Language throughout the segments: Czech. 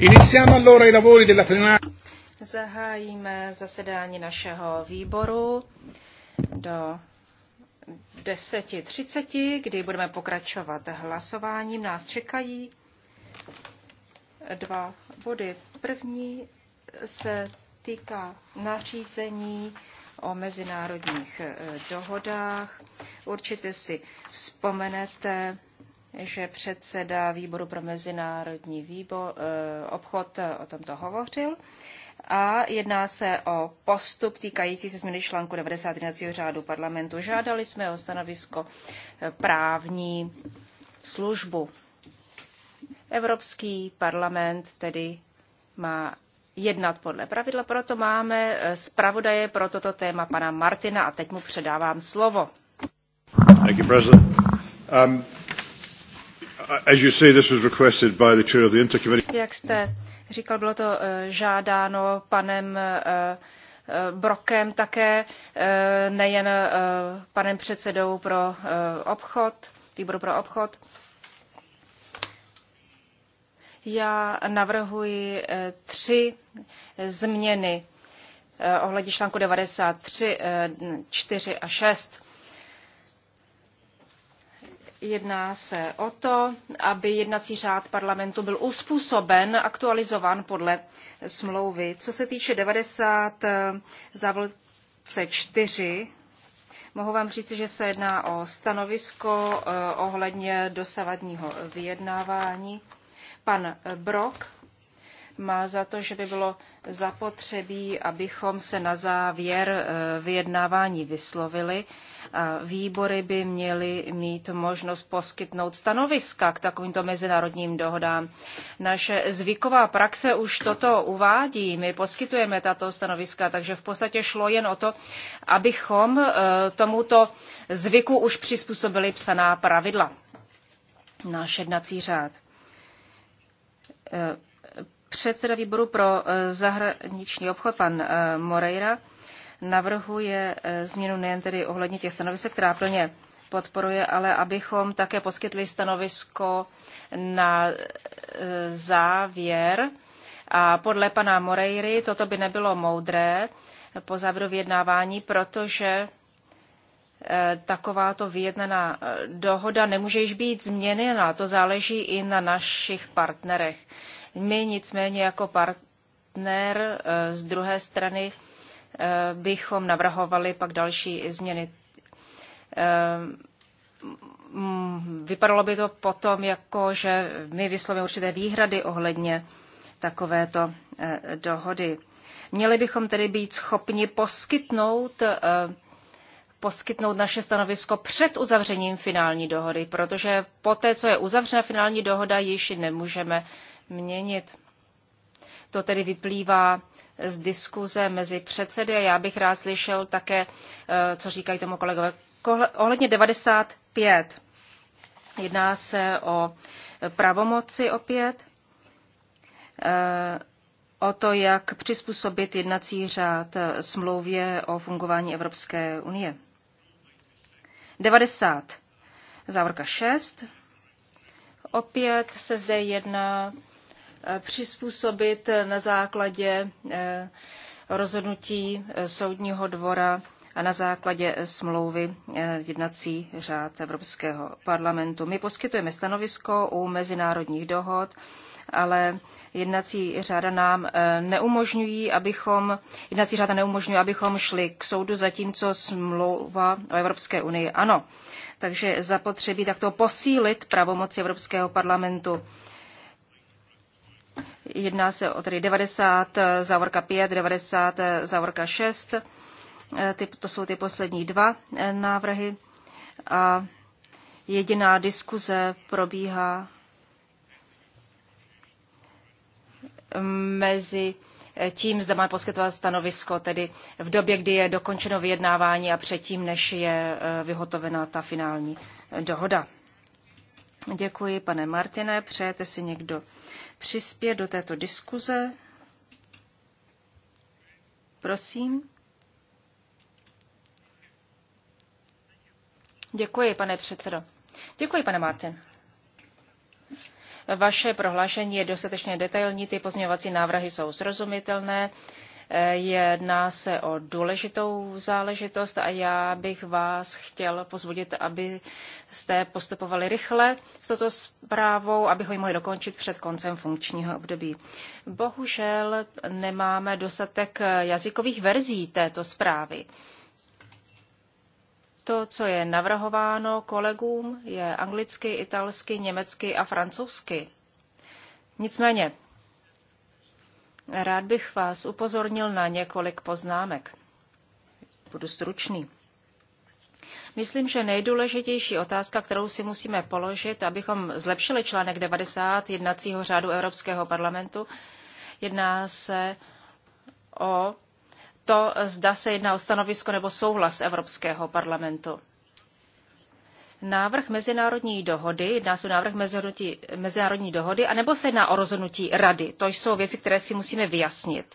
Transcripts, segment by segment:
Iniziamo allora i lavori della plenaria. Zahájíme zasedání našeho výboru do 10.30, kdy budeme pokračovat hlasováním. Nás čekají dva body. První se týká nařízení o mezinárodních eh, dohodách. Určitě si vzpomenete, že předseda výboru pro mezinárodní výbor, eh, obchod eh, o tomto hovořil. A jedná se o postup týkající se změny článku 90 řádu parlamentu. Žádali jsme o stanovisko eh, právní službu. Evropský parlament tedy má jednat podle pravidla, proto máme zpravodaje pro toto téma pana Martina a teď mu předávám slovo. Thank you, President. Um... Jak jste říkal, bylo to eh, žádáno panem eh, eh, Brokem také, nejen panem předsedou pro obchod, výboru pro obchod. Já navrhuji tři změny ohledně článku 93, 4 a 6. Jedná se o to, aby jednací řád parlamentu byl uspůsoben, aktualizován podle smlouvy. Co se týče 90 závolce 4, mohu vám říct, že se jedná o stanovisko eh, ohledně dosavadního vyjednávání. Pan Brok má za to, že by bylo zapotřebí, abychom se na závěr eh, vyjednávání vyslovili. A výbory by měly mít možnost poskytnout stanoviska k takovýmto mezinárodním dohodám. Naše zvyková praxe už toto uvádí. My poskytujeme tato stanoviska, takže v podstatě šlo jen o to, abychom eh, tomuto zvyku už přizpůsobili psaná pravidla. Náš jednací řád eh, Předseda výboru pro eh, zahraniční obchod, pan eh, Moreira, navrhuje eh, změnu nejen tedy ohledně těch stanovisek, která plně podporuje, ale abychom také poskytli stanovisko na závěr. A podle pana Moreiry toto by nebylo moudré po závěru vyjednávání, protože takováto vyjednaná dohoda nemůže již být změněna. To záleží i na našich partnerech. My nicméně jako partner eh, z druhé strany eh, bychom navrhovali pak další změny. Eh, vypadalo by to potom jako, že my vyslovíme určité výhrady ohledně takovéto dohody. Měli bychom tedy být schopni poskytnout, poskytnout naše stanovisko před uzavřením finální dohody, protože poté, co je uzavřena finální dohoda, již nemůžeme měnit. To tedy vyplývá z diskuze mezi předsedy a já bych rád slyšel také, eh, co říkají tomu kolegové. Ohledně 95. Jedná se o pravomoci opět, eh, o to, jak přizpůsobit jednací řád eh, smlouvě o fungování Evropské unie. 90. Závorka 6. Opět se zde jedná přizpůsobit na základě eh, rozhodnutí eh, soudního dvora a na základě eh, smlouvy jednací řád Evropského parlamentu. My poskytujeme stanovisko u mezinárodních dohod, ale jednací řáda nám neumožňují, abychom, jednací řáda neumožňuje, abychom šli k soudu, zatímco smlouva o Evropské unii ano. Takže zapotřebí takto posílit pravomoci Evropského parlamentu. Jedná se o tedy 90 eh, závorka 5, 90 eh, závorka 6. Eh, ty, to jsou ty poslední dva návrhy. A jediná diskuze probíhá mm, mezi tím, zda má poskytovat stanovisko, tedy v době, kdy je dokončeno vyjednávání a předtím, než je vyhotovena ta finální dohoda. Děkuji, pane Martine. Přejete si někdo přispět do této diskuze? Prosím. Děkuji, pane předsedo. Děkuji, pane Martin. Vaše prohlášení je dostatečně detailní, ty pozměňovací návrhy jsou srozumitelné. Jedná se o důležitou záležitost a já bych vás chtěl pozvodit, abyste postupovali rychle s toto zprávou, abychom ji mohli dokončit před koncem funkčního období. Bohužel nemáme dostatek jazykových verzí této zprávy. To, co je navrhováno kolegům, je anglicky, italsky, německy a francouzsky. Nicméně Rád bych vás upozornil na několik poznámek. Budu stručný. Myslím, že nejdůležitější otázka, kterou si musíme položit, abychom zlepšili článek 90 jednacího řádu Evropského parlamentu, jedná se o to, zda se jedná o stanovisko nebo souhlas Evropského parlamentu návrh mezinárodní dohody, jedná se o návrh mezinárodní, dohody, anebo se jedná o rozhodnutí rady. To jsou věci, které si musíme vyjasnit.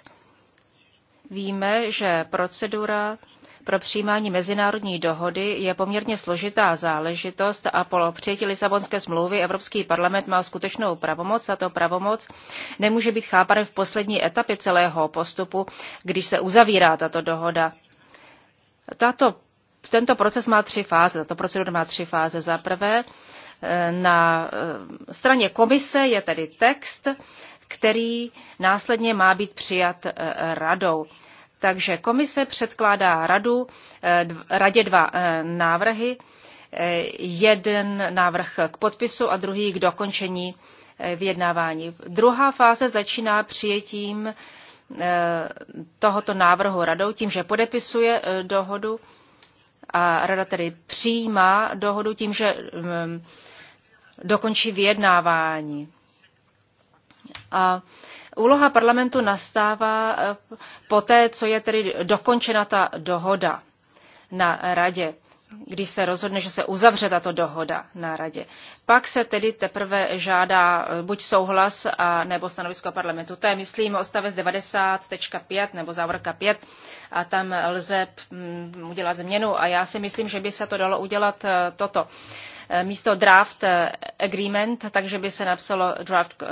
Víme, že procedura pro přijímání mezinárodní dohody je poměrně složitá záležitost a po přijetí Lisabonské smlouvy Evropský parlament má skutečnou pravomoc a to pravomoc nemůže být chápané v poslední etapě celého postupu, když se uzavírá tato dohoda. Tato tento proces má tři fáze, tato procedura má tři fáze. Za prvé, eh, na eh, straně komise je tedy text, který následně má být přijat eh, radou. Takže komise předkládá radu, radě dva návrhy, jeden návrh k podpisu a druhý k dokončení vyjednávání. Druhá fáze začíná přijetím tohoto návrhu radou tím, že podepisuje dohodu a rada tedy přijímá dohodu tím, že mm, dokončí vyjednávání. A úloha parlamentu nastává eh, poté, co je tedy dokončena ta dohoda na radě když se rozhodne, že se uzavře tato dohoda na radě. Pak se tedy teprve žádá eh, buď souhlas a, nebo stanovisko parlamentu. To je, myslím, odstavec 90.5 nebo závorka 5 a tam lze mm, udělat změnu a já si myslím, že by se to dalo udělat eh, toto. Eh, místo draft agreement, takže by se napsalo draft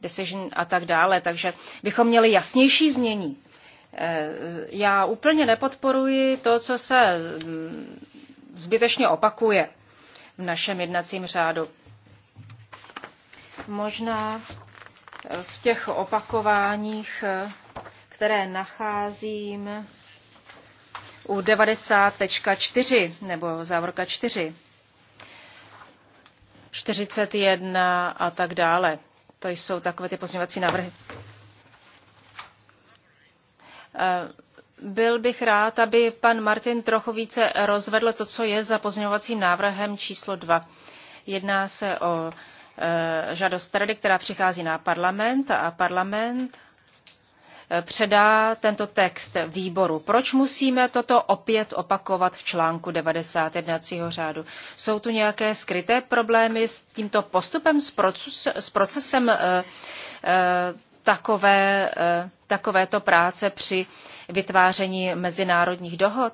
decision a tak dále, takže bychom měli jasnější znění. Já úplně nepodporuji to, co se mm, zbytečně opakuje v našem jednacím řádu. Možná eh, v těch opakováních, eh, které nacházím u 90.4 nebo závorka 4, 41 a tak dále. To jsou takové ty pozměňovací návrhy. Eh, byl bych rád, aby pan Martin trochu více rozvedl to, co je za pozměňovacím návrhem číslo 2. Jedná se o e, žádost rady, která přichází na parlament a parlament e, předá tento text výboru. Proč musíme toto opět opakovat v článku 90 jednacího řádu? Jsou tu nějaké skryté problémy s tímto postupem, s, proces, s procesem e, e, takové, eh, takovéto práce při vytváření mezinárodních dohod?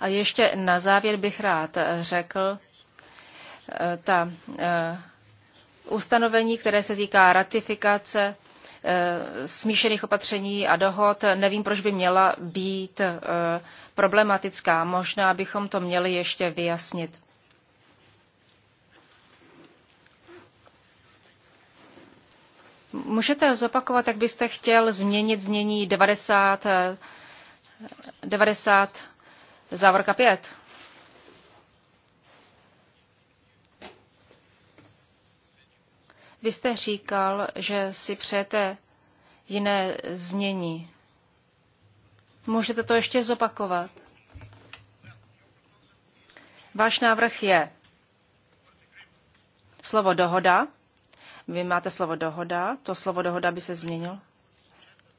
A ještě na závěr bych rád eh, řekl, eh, ta ustanovení, které se týká ratifikace smíšených opatření a dohod, nevím, proč by měla být problematická. Možná bychom to měli ještě vyjasnit. Můžete zopakovat, jak byste chtěl změnit znění 90, 90 eh, závorka 5? Vy jste říkal, že si přejete jiné znění. Můžete to ještě zopakovat? Váš návrh je slovo dohoda vy máte slovo dohoda, to slovo dohoda by se změnilo.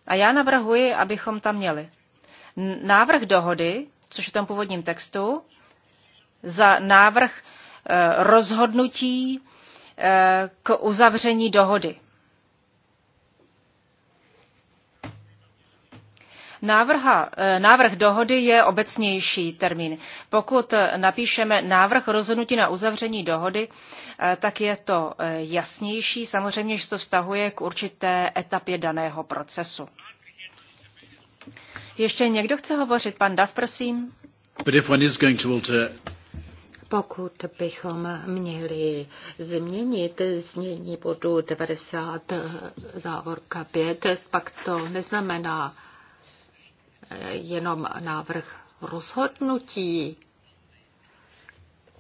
A já navrhuji, abychom tam měli návrh dohody, což je v tom původním textu, za návrh eh, rozhodnutí eh, k uzavření dohody. Návrha, eh, návrh dohody je obecnější termín. Pokud eh, napíšeme návrh rozhodnutí na uzavření dohody, eh, tak je to jasnější, samozřejmě, že se to vztahuje k určité etapě daného procesu. Ještě někdo chce hovořit? Pan Dav, prosím. Pokud bychom měli změnit znění bodu 90 závorka 5, pak to neznamená jenom návrh rozhodnutí,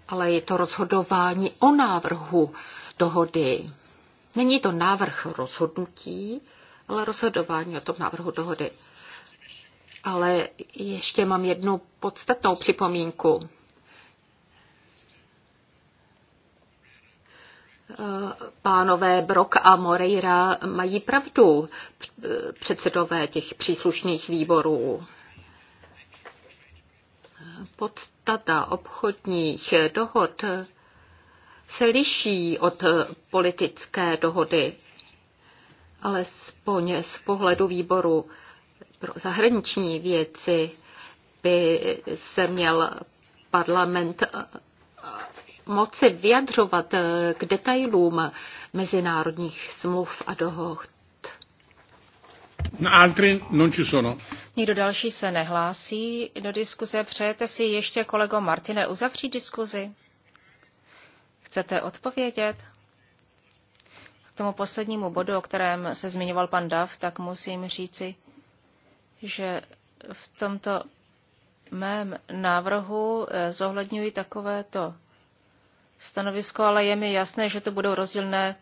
ale je to rozhodování o návrhu dohody. Není to návrh rozhodnutí, ale rozhodování o tom návrhu dohody. Ale ještě mám jednu podstatnou připomínku. Eh, pánové Brok a Moreira mají pravdu, eh, předsedové těch příslušných výborů. Podstata obchodních dohod se liší od politické dohody, alespoň z pohledu výboru pro zahraniční věci by se měl parlament moci vyjadřovat eh, k detailům mezinárodních smluv a dohod. Nikdo další se nehlásí do diskuze. Přejete si ještě, kolego Martine, uzavřít diskuzi? Chcete odpovědět? K tomu poslednímu bodu, o kterém se zmiňoval pan Dav, tak musím říci, že v tomto mém návrhu eh, zohledňuji takovéto stanovisko, ale je mi jasné, že to budou rozdílné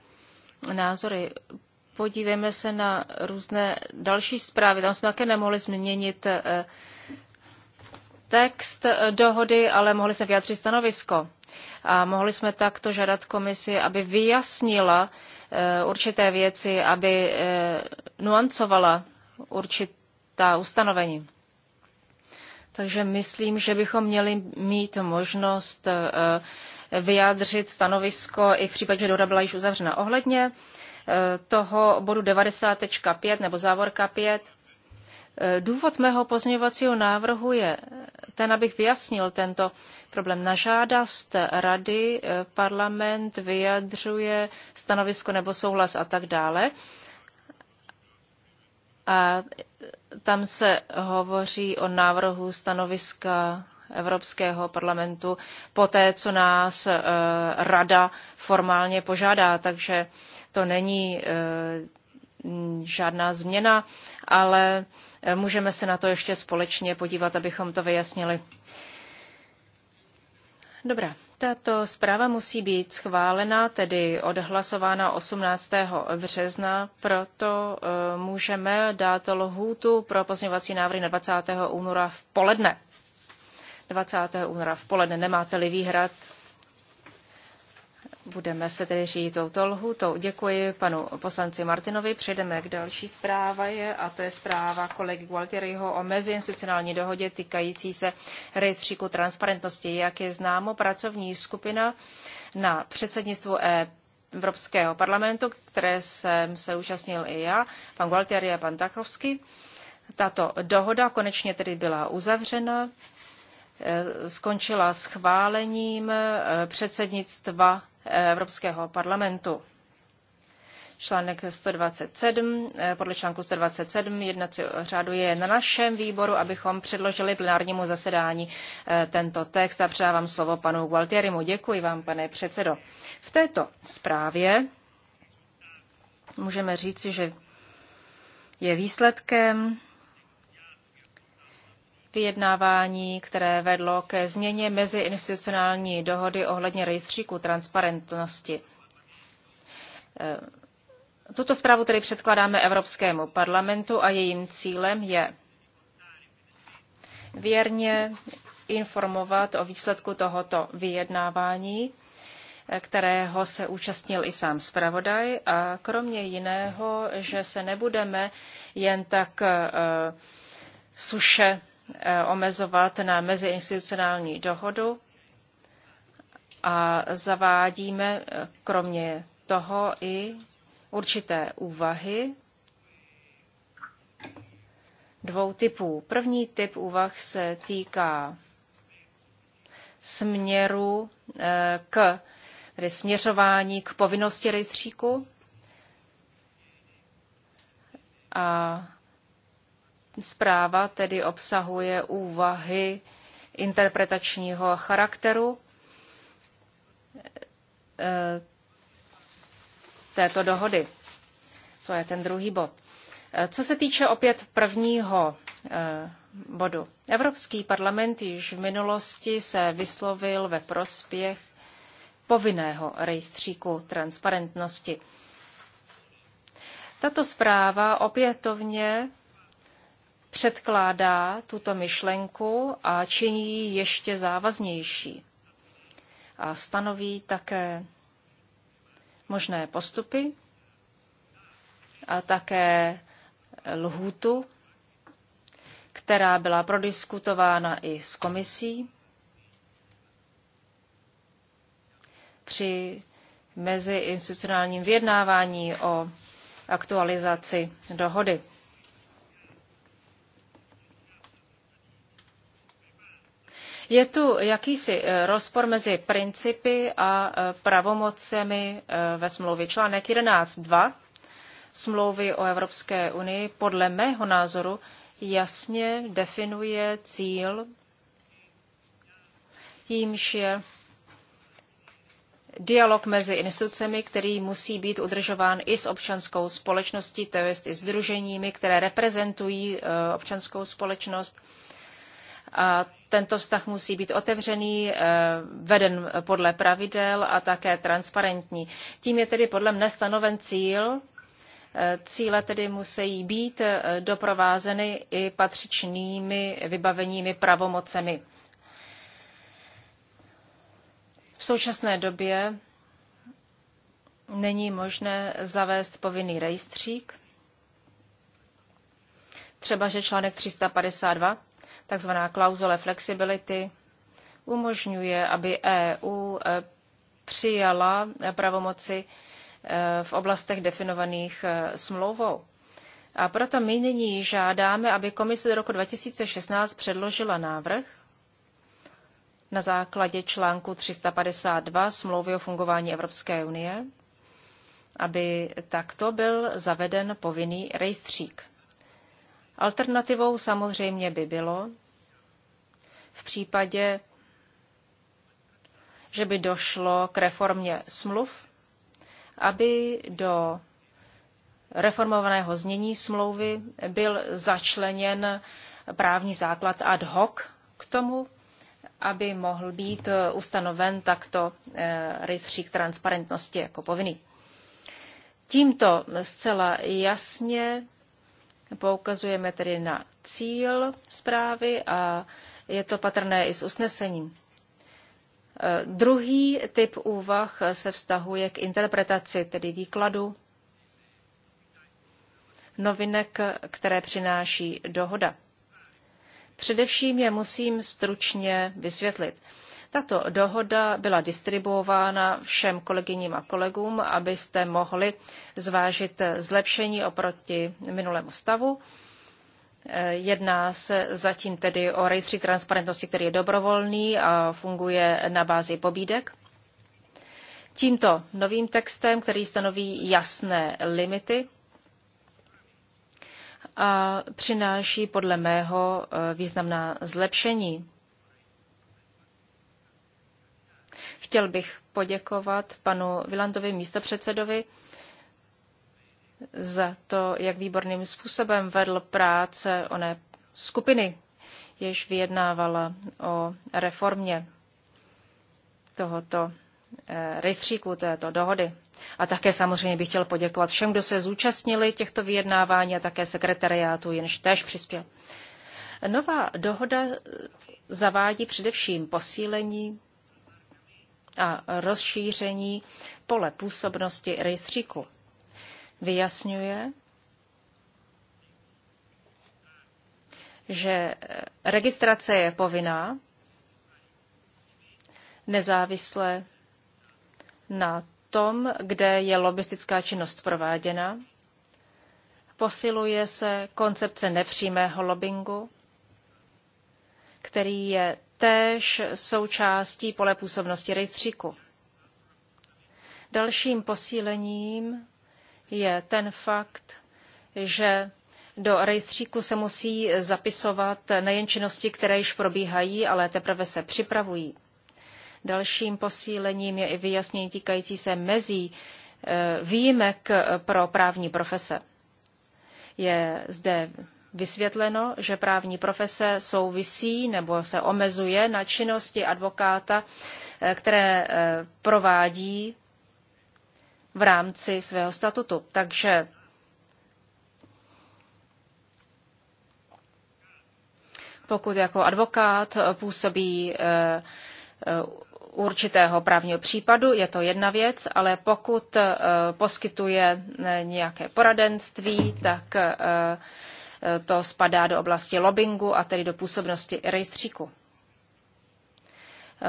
názory. Podívejme se na různé další zprávy. Tam jsme také nemohli změnit eh, text eh, dohody, ale mohli jsme vyjádřit stanovisko. A mohli jsme takto žádat komisi, aby vyjasnila eh, určité věci, aby nuancovala určitá ustanovení. Takže myslím, že bychom měli mít možnost uh, vyjádřit stanovisko i v případě, že dohoda byla již uzavřena. Ohledně eh, toho bodu 90.5 nebo závorka 5, eh, důvod mého pozměňovacího návrhu je ten, abych vyjasnil tento problém. Na žádost rady eh, parlament vyjadřuje stanovisko nebo souhlas a tak dále. A tam se hovoří o návrhu stanoviska Evropského parlamentu po té, co nás eh, rada formálně požádá. Takže to není eh, žádná změna, ale eh, můžeme se na to ještě společně podívat, abychom to vyjasnili. Dobrá. Tato zpráva musí být schválena, tedy odhlasována 18. března, proto můžeme dát lhůtu pro pozměňovací návrhy na 20. února v poledne. 20. února v poledne. Nemáte-li výhrad, budeme se tedy řídit touto lhutou. Děkuji panu poslanci Martinovi. Přejdeme k další je, a to je zpráva kolegy Gualtieriho o meziinstitucionální dohodě týkající se rejstříku transparentnosti. Jak je známo, pracovní skupina na předsednictvu e Evropského parlamentu, které jsem se účastnil i já, pan Gualtieri a pan Takovsky. Tato dohoda konečně tedy byla uzavřena Eh, skončila schválením eh, předsednictva eh, Evropského parlamentu. Článek 127, podle článku 127 jednacího řádu je na našem výboru, abychom předložili plenárnímu zasedání tento text a předávám slovo panu Gualtierimu. Děkuji vám, pane předsedo. V této zprávě můžeme říci, že je výsledkem vyjednávání, které vedlo ke změně meziinstitucionální dohody ohledně rejstříku transparentnosti. Eh, tuto zprávu tedy předkládáme Evropskému parlamentu a jejím cílem je věrně informovat o výsledku tohoto vyjednávání, eh, kterého se účastnil i sám zpravodaj a kromě jiného, že se nebudeme jen tak eh, suše Eh, omezovat na meziinstitucionální dohodu a zavádíme eh, kromě toho i určité úvahy dvou typů. První typ úvah se týká směru eh, k tedy směřování k povinnosti rejstříku. A Zpráva tedy obsahuje úvahy interpretačního charakteru eh, této dohody. To je ten druhý bod. Eh, co se týče opět prvního eh, bodu. Evropský parlament již v minulosti se vyslovil ve prospěch povinného rejstříku transparentnosti. Tato zpráva opětovně předkládá tuto myšlenku a činí ji ještě závaznější. A stanoví také možné postupy a také lhůtu, která byla prodiskutována i s komisí při meziinstitucionálním vyjednávání o aktualizaci dohody. Je tu jakýsi eh, rozpor mezi principy a eh, pravomocemi eh, ve smlouvě. Článek 11.2 smlouvy o Evropské unii podle mého názoru jasně definuje cíl, jímž je dialog mezi institucemi, který musí být udržován i s občanskou společností, to jest i sdruženími, které reprezentují občanskou společnost a tento vztah musí být otevřený, eh, veden podle pravidel a také transparentní. Tím je tedy podle mne stanoven cíl. Eh, cíle tedy musí být eh, doprovázeny i patřičnými vybaveními pravomocemi. V současné době není možné zavést povinný rejstřík. Třeba, že článek 352 Takzvaná klauzule flexibility umožňuje, aby EU eh, přijala eh, pravomoci eh, v oblastech definovaných smlouvou. A proto my nyní žádáme, aby komise do roku 2016 předložila návrh na základě článku 352 smlouvy o fungování Evropské unie, aby takto byl zaveden povinný rejstřík. Alternativou samozřejmě by bylo, v případě, že by došlo k reformě smluv, aby do reformovaného znění smlouvy byl začleněn právní základ ad hoc k tomu, aby mohl být ustanoven takto eh, rejstřík transparentnosti jako povinný. Tímto zcela jasně Poukazujeme tedy na cíl zprávy a je to patrné i s usnesením. E, druhý typ úvah se vztahuje k interpretaci, tedy výkladu novinek, které přináší dohoda. Především je musím stručně vysvětlit. Tato dohoda byla distribuována všem kolegyním a kolegům, abyste mohli zvážit zlepšení oproti minulému stavu. Eh, jedná se zatím tedy o rejstřík transparentnosti, který je dobrovolný a funguje na bázi pobídek. Tímto novým textem, který stanoví jasné limity, a přináší podle mého eh, významná zlepšení. Chtěl bych poděkovat panu Vilandovi místopředsedovi za to, jak výborným způsobem vedl práce oné skupiny, jež vyjednávala o reformě tohoto eh, rejstříku této dohody. A také samozřejmě bych chtěl poděkovat všem, kdo se zúčastnili těchto vyjednávání a také sekretariátu, jenž též přispěl. Nová dohoda zavádí především posílení a rozšíření pole působnosti rejstříku. Vyjasňuje, že registrace je povinná nezávisle na tom, kde je lobistická činnost prováděna. Posiluje se koncepce nepřímého lobbingu, který je též součástí pole působnosti rejstříku. Dalším posílením je ten fakt, že do rejstříku se musí zapisovat nejen činnosti, které již probíhají, ale teprve se připravují. Dalším posílením je i vyjasnění týkající se mezí eh, výjimek pro právní profese. Je zde vysvětleno, že právní profese souvisí nebo se omezuje na činnosti advokáta, eh, které eh, provádí v rámci svého statutu. Takže pokud jako advokát eh, působí určitého právního případu, je to jedna věc, ale pokud poskytuje nějaké poradenství, tak to spadá do oblasti lobbingu a tedy do působnosti rejstříku.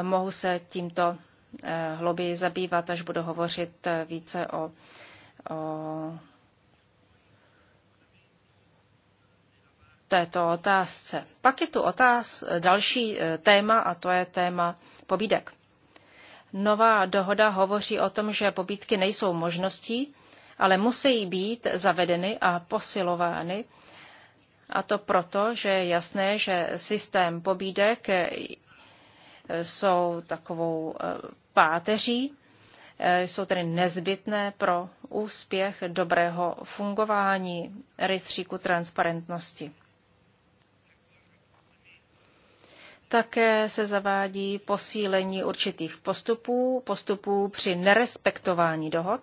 Mohu se tímto hlouběji eh, zabývat, až budu hovořit eh, více o, o této otázce. Pak je tu otáz, eh, další téma a to je téma pobídek. Nová dohoda hovoří o tom, že pobídky nejsou možností, ale musí být zavedeny a posilovány a to proto, že je jasné, že systém pobídek eh, jsou takovou eh, páteří, eh, jsou tedy nezbytné pro úspěch dobrého fungování rejstříku transparentnosti. Také se zavádí posílení určitých postupů, postupů při nerespektování dohod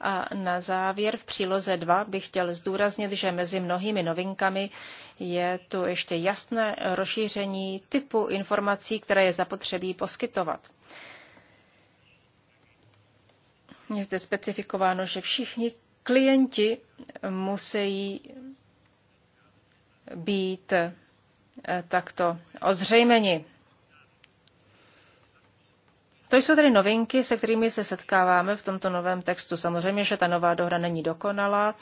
a na závěr v příloze 2 bych chtěl zdůraznit, že mezi mnohými novinkami je tu ještě jasné rozšíření typu informací, které je zapotřebí poskytovat. Je zde specifikováno, že všichni klienti musí být eh, takto ozřejmeni. To jsou tedy novinky, se kterými se setkáváme v tomto novém textu. Samozřejmě, že ta nová dohra není dokonalá,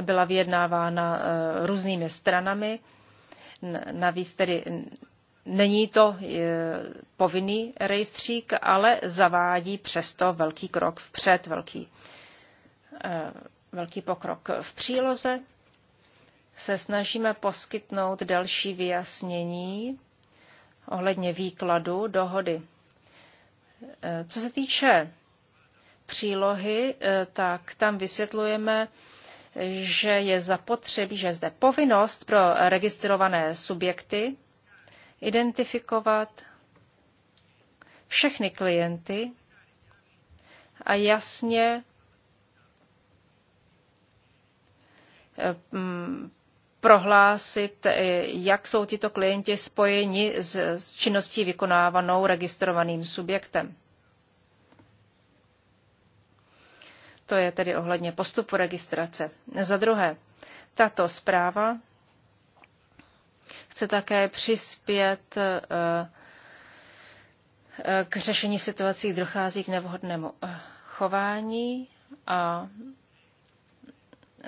byla vyjednávána eh, různými stranami, navíc tedy není to eh, povinný rejstřík, ale zavádí přesto velký krok vpřed, velký, eh, velký pokrok. V příloze se snažíme poskytnout další vyjasnění ohledně výkladu dohody Eh, co se týče přílohy, eh, tak tam vysvětlujeme, že je zapotřebí, že je zde povinnost pro registrované subjekty identifikovat všechny klienty a jasně eh, prohlásit, eh, jak jsou tito klienti spojeni s, s činností vykonávanou registrovaným subjektem. To je tedy ohledně postupu registrace. Za druhé, tato zpráva chce také přispět eh, eh, k řešení situací, kdy dochází k nevhodnému chování a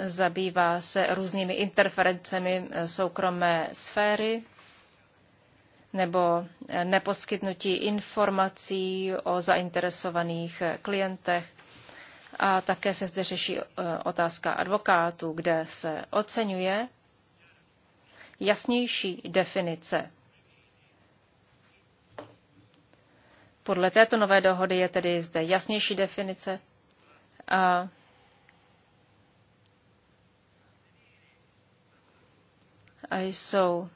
zabývá se různými interferencemi eh, soukromé sféry nebo eh, neposkytnutí informací o zainteresovaných eh, klientech. A také se zde řeší otázka advokátů, kde se oceňuje jasnější definice. Podle této nové dohody je tedy zde jasnější definice a a jsou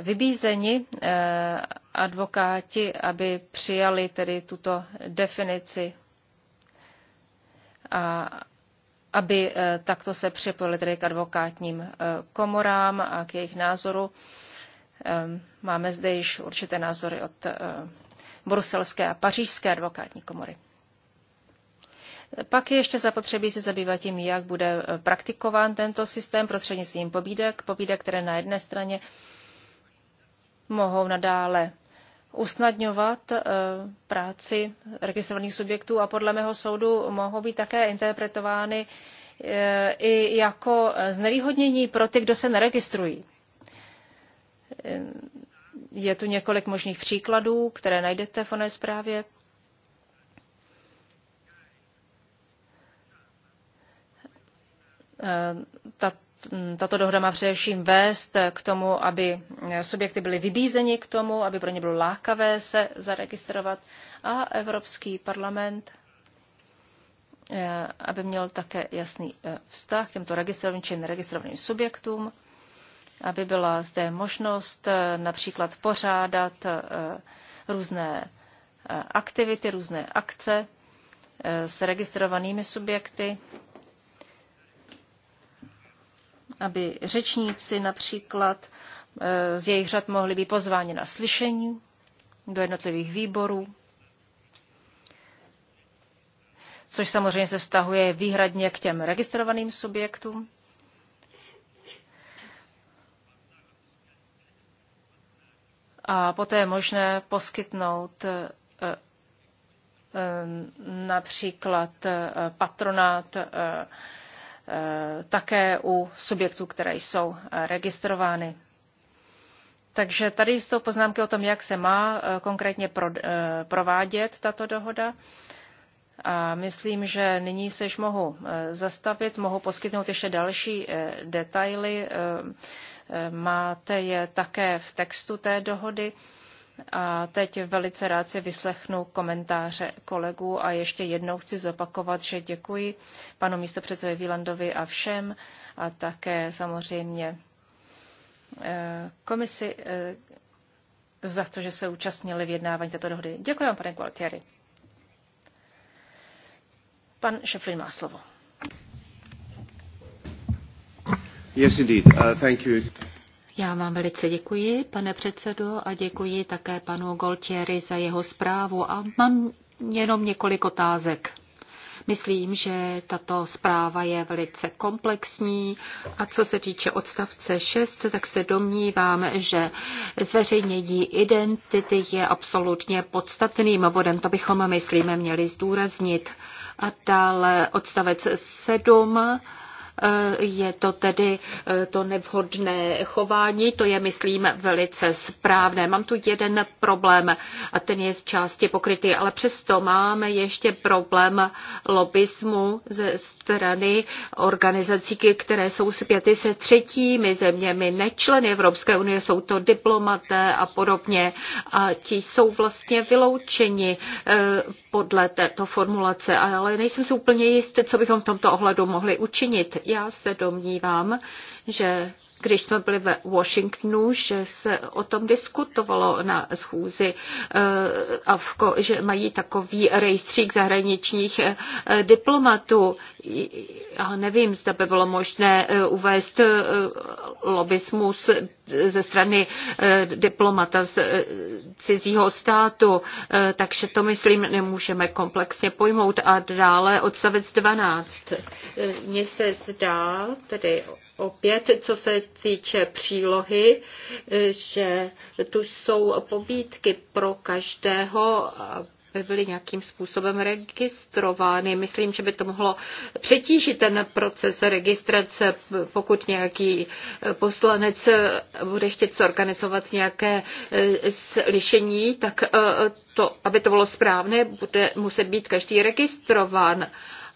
vybízeni eh, advokáti, aby přijali tedy tuto definici a aby eh, takto se připojili tedy k advokátním eh, komorám a k jejich názoru. Ehm, máme zde již určité názory od bruselské a pařížské advokátní komory. Pak je ještě zapotřebí se zabývat tím, jak bude eh, praktikován tento systém prostřednictvím pobídek, pobídek, které na jedné straně mohou nadále usnadňovat eh, práci registrovaných subjektů a podle mého soudu mohou být také interpretovány eh, i jako znevýhodnění pro ty, kdo se neregistrují. Je tu několik možných příkladů, které najdete v oné zprávě. Eh, mm, tato dohoda má především vést eh, k tomu, aby eh, subjekty byly vybízeni k tomu, aby pro ně bylo lákavé se zaregistrovat a Evropský parlament aby měl také jasný vztah k těmto registrovaným či neregistrovaným subjektům, aby byla zde možnost například pořádat různé aktivity, různé akce s registrovanými subjekty, aby řečníci například eh, z jejich řad mohli být pozváni na slyšení do jednotlivých výborů, což samozřejmě se vztahuje výhradně k těm registrovaným subjektům. A poté je možné poskytnout eh, eh, například patronát Eh, také u subjektů, které jsou eh, registrovány. Takže tady jsou poznámky o tom, jak se má eh, konkrétně provádět tato dohoda. A myslím, že nyní sež mohu zastavit, mohu poskytnout ještě další detaily. Máte je také v textu té dohody. A teď velice rád si vyslechnu komentáře kolegů a ještě jednou chci zopakovat, že děkuji panu místopředsedovi Výlandovi a všem a také samozřejmě eh, komisi eh, za to, že se účastnili jednávání této dohody. Děkuji vám, pane Gualtieri. Pan Šeflin má slovo. Yes, indeed. Uh, thank you, já vám velice děkuji, pane předsedo, a děkuji také panu Goltieri za jeho zprávu a mám jenom několik otázek. Myslím, že tato zpráva je velice komplexní a co se týče odstavce 6, tak se domnívám, že zveřejnění identity je absolutně podstatným bodem. To bychom, myslíme, měli zdůraznit. A dále odstavec 7 Eh, je to tedy eh, to nevhodné chování, to je, myslím, velice správné. Mám tu jeden problém a ten je z části pokrytý, ale přesto máme ještě problém lobismu ze strany organizací, které jsou zpěty se třetími zeměmi, nečleny Evropské unie, jsou to diplomaté a podobně a ti jsou vlastně vyloučeni eh, podle této formulace, ale nejsem si úplně jistý, co bychom v tomto ohledu mohli učinit. Já se domnívám, že když jsme byli ve Washingtonu, že se o tom diskutovalo na schůzi eh, AFKO, že mají takový rejstřík zahraničních eh, diplomatů. Já nevím, zda by bylo možné eh, uvést lobismus ze strany diplomata z cizího státu, takže to, myslím, nemůžeme komplexně pojmout. A dále odstavec 12. Mně se zdá, tedy opět, co se týče přílohy, že tu jsou pobídky pro každého, aby byly nějakým způsobem registrovány. Myslím, že by to mohlo přetížit ten proces registrace, pokud nějaký poslanec bude chtět zorganizovat nějaké slyšení, tak to, aby to bylo správné, bude muset být každý registrován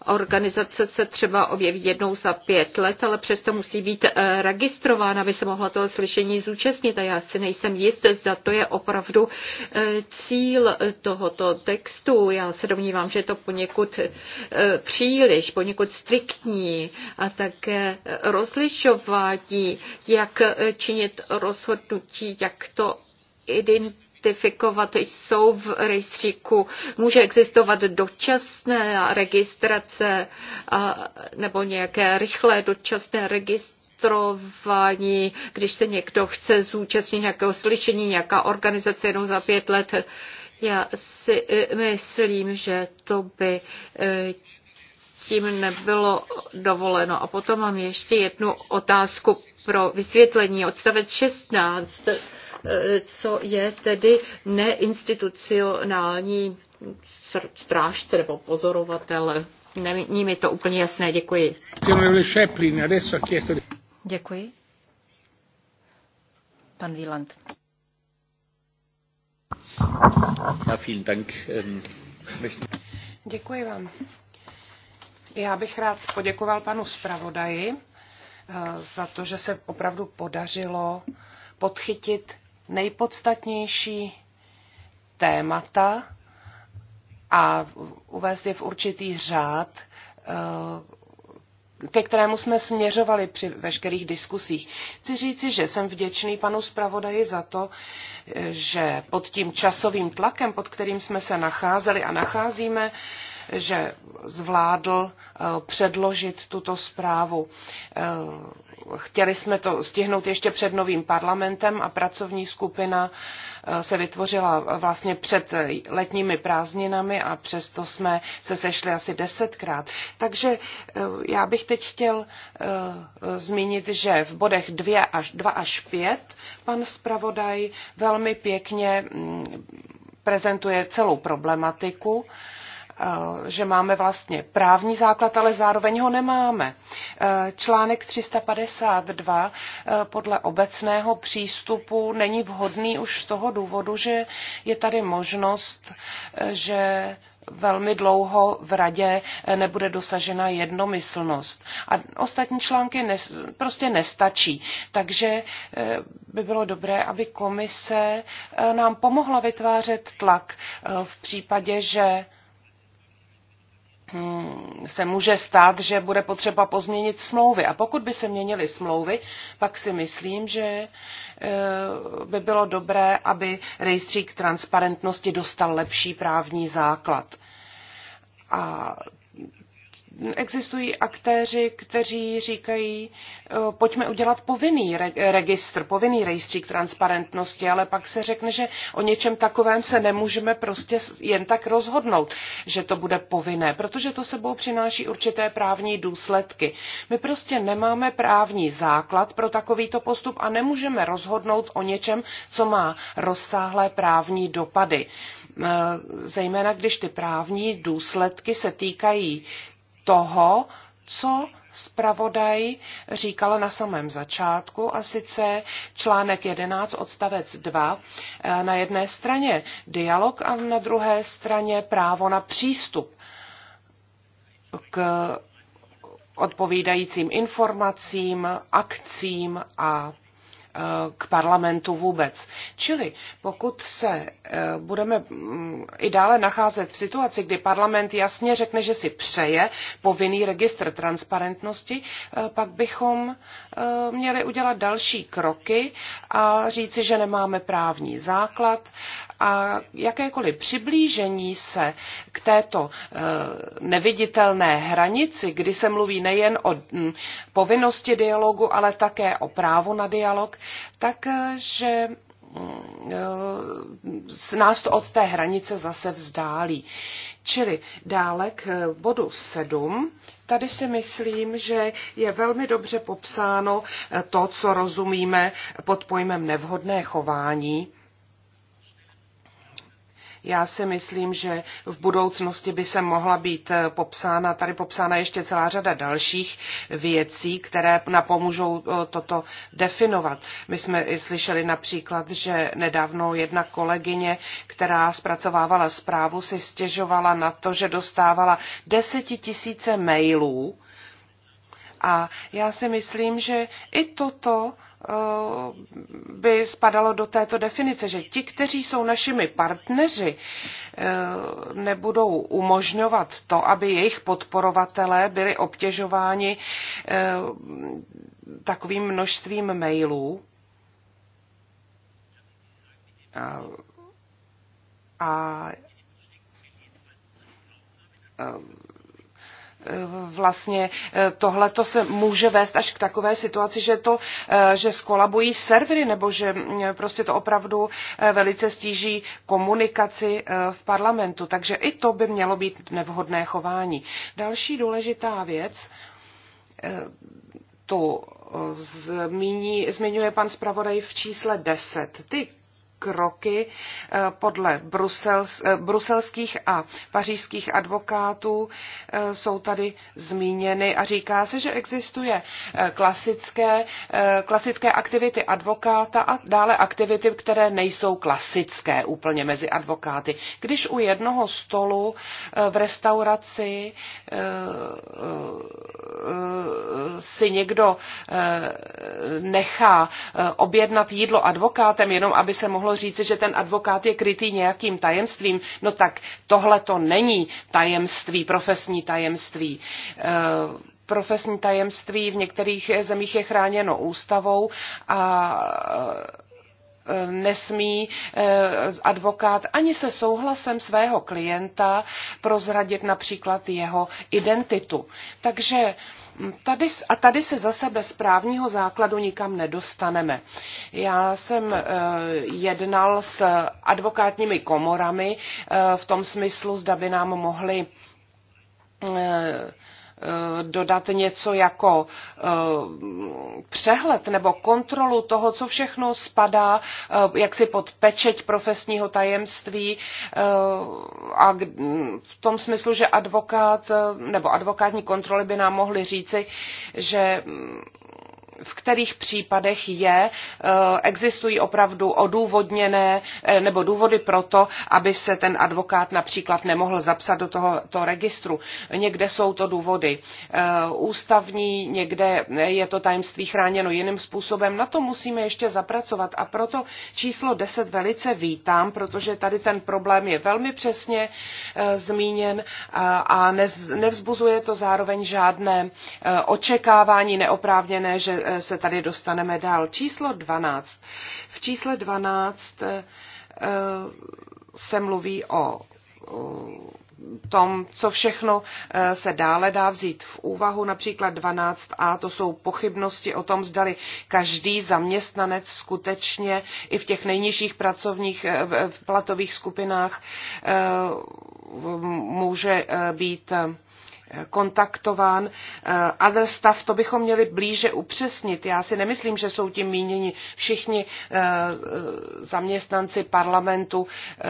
organizace se třeba objeví jednou za pět let, ale přesto musí být eh, registrována, aby se mohla toho slyšení zúčastnit. A já si nejsem jist, zda to je opravdu eh, cíl eh, tohoto textu. Já se domnívám, že je to poněkud příliš, poněkud striktní a také rozlišování, jak činit rozhodnutí, jak to identifikovat certifikovat jsou v rejstříku. Může existovat dočasné registrace a, nebo nějaké rychlé dočasné registrace registrování, když se někdo chce zúčastnit nějakého slyšení, nějaká organizace jenom za pět let. Já si eh, myslím, že to by eh, tím nebylo dovoleno. A potom mám ještě jednu otázku pro vysvětlení. Odstavec 16 co je tedy neinstitucionální strážce nebo pozorovatel. Není mi to úplně jasné, děkuji. Děkuji. Pan Wieland. Ja, Dank. Ähm, děkuji vám. Já bych rád poděkoval panu zpravodaji äh, za to, že se opravdu podařilo podchytit nejpodstatnější témata a uvést je v určitý řád, eh, ke kterému jsme směřovali při veškerých diskusích. Chci říci, že jsem vděčný panu zpravodaji za to, eh, že pod tím časovým tlakem, pod kterým jsme se nacházeli a nacházíme, že zvládl eh, předložit tuto zprávu. Eh, chtěli jsme to stihnout ještě před novým parlamentem a pracovní skupina eh, se vytvořila vlastně před letními prázdninami a přesto jsme se sešli asi desetkrát. Takže já bych teď chtěl zmínit, že v bodech 2 až, 2 až 5 pan zpravodaj velmi pěkně mm, prezentuje celou problematiku Eh, že máme vlastně právní základ, ale zároveň ho nemáme. Eh, článek 352 eh, podle obecného přístupu není vhodný už z toho důvodu, že je tady možnost, že velmi dlouho v radě nebude dosažena jednomyslnost. A ostatní články ne, prostě nestačí. Takže by bylo dobré, aby komise nám pomohla vytvářet tlak v případě, že Hmm, se může stát, že bude potřeba pozměnit smlouvy. A pokud by se měnily smlouvy, pak si myslím, že eh, by bylo dobré, aby rejstřík transparentnosti dostal lepší právní základ. A existují aktéři, kteří říkají, eh, pojďme udělat povinný registr, povinný rejstřík transparentnosti, ale pak se řekne, že o něčem takovém se nemůžeme prostě jen tak rozhodnout, že to bude povinné, protože to sebou přináší určité právní důsledky. My prostě nemáme právní základ pro takovýto postup a nemůžeme rozhodnout o něčem, co má rozsáhlé právní dopady eh, zejména když ty právní důsledky se týkají toho, co zpravodaj říkal na samém začátku, a sice článek 11 odstavec 2 eh, na jedné straně dialog a na druhé straně právo na přístup k odpovídajícím informacím, akcím a Eh, k parlamentu vůbec. Čili pokud se eh, budeme mm, i dále nacházet v situaci, kdy parlament jasně řekne, že si přeje povinný registr transparentnosti, eh, pak bychom měli udělat další kroky a říci, že nemáme právní základ a jakékoliv přiblížení se k této neviditelné hranici, kdy se mluví nejen o mm, povinnosti dialogu, ale také o právu na dialog, takže mm, nás to od té hranice zase vzdálí. Čili dále k eh, bodu 7. Tady si myslím, že je velmi dobře popsáno eh, to, co rozumíme pod pojmem nevhodné chování já si myslím, že v budoucnosti by se mohla být eh, popsána, tady popsána ještě celá řada dalších věcí, které napomůžou eh, toto definovat. My jsme slyšeli například, že nedávno jedna kolegyně, která zpracovávala zprávu, si stěžovala na to, že dostávala desetitisíce mailů, a já si myslím, že i toto Eh, by spadalo do této definice, že ti, kteří jsou našimi partneři, eh, nebudou umožňovat to, aby jejich podporovatelé byli obtěžováni eh, takovým množstvím mailů. A, a, vlastně eh, tohle to se může vést až k takové situaci, že to, eh, že skolabují servery nebo že mm, prostě to opravdu eh, velice stíží komunikaci v parlamentu. Takže i to by mělo být nevhodné chování. Další důležitá věc, to zmiňuje pan zpravodaj v čísle 10. Ty kroky eh, podle brusels, eh, bruselských a pařížských advokátů eh, jsou tady zmíněny a říká se, že existuje klasické, klasické aktivity advokáta a dále aktivity, které nejsou klasické úplně mezi advokáty. Když u jednoho stolu v restauraci si někdo nechá objednat jídlo advokátem, jenom aby se mohlo mohlo říci, že ten advokát je krytý nějakým tajemstvím. No tak tohle to není tajemství, profesní tajemství eh, profesní tajemství v některých zemích je chráněno ústavou a nesmí eh, advokát ani se souhlasem svého klienta prozradit například jeho identitu. Takže mm, Tady, a tady se zase bez právního základu nikam nedostaneme. Já jsem eh, jednal s advokátními komorami eh, v tom smyslu, zda by nám mohli dodat něco jako eh, přehled nebo kontrolu toho, co všechno spadá eh, jaksi pod pečeť profesního tajemství eh, a v tom smyslu, že advokát nebo advokátní kontroly by nám mohly říci, že mm, v kterých případech je, eh, existují opravdu odůvodněné eh, nebo důvody pro to, aby se ten advokát například nemohl zapsat do toho toho registru. Někde jsou to důvody eh, ústavní, někde je to tajemství chráněno jiným způsobem. Na to musíme ještě zapracovat a proto číslo 10 velice vítám, protože tady ten problém je velmi přesně zmíněn a nevzbuzuje to zároveň žádné očekávání neoprávněné, že se tady dostaneme dál. Číslo 12. V čísle 12 eh, se mluví o tom, co všechno eh, se dále dá vzít v úvahu, například 12a, to jsou pochybnosti o tom, zdali každý zaměstnanec skutečně i v těch nejnižších pracovních eh, platových skupinách může být kontaktován. Eh, other stav, to bychom měli blíže upřesnit. Já si nemyslím, že jsou tím míněni všichni eh, zaměstnanci parlamentu eh,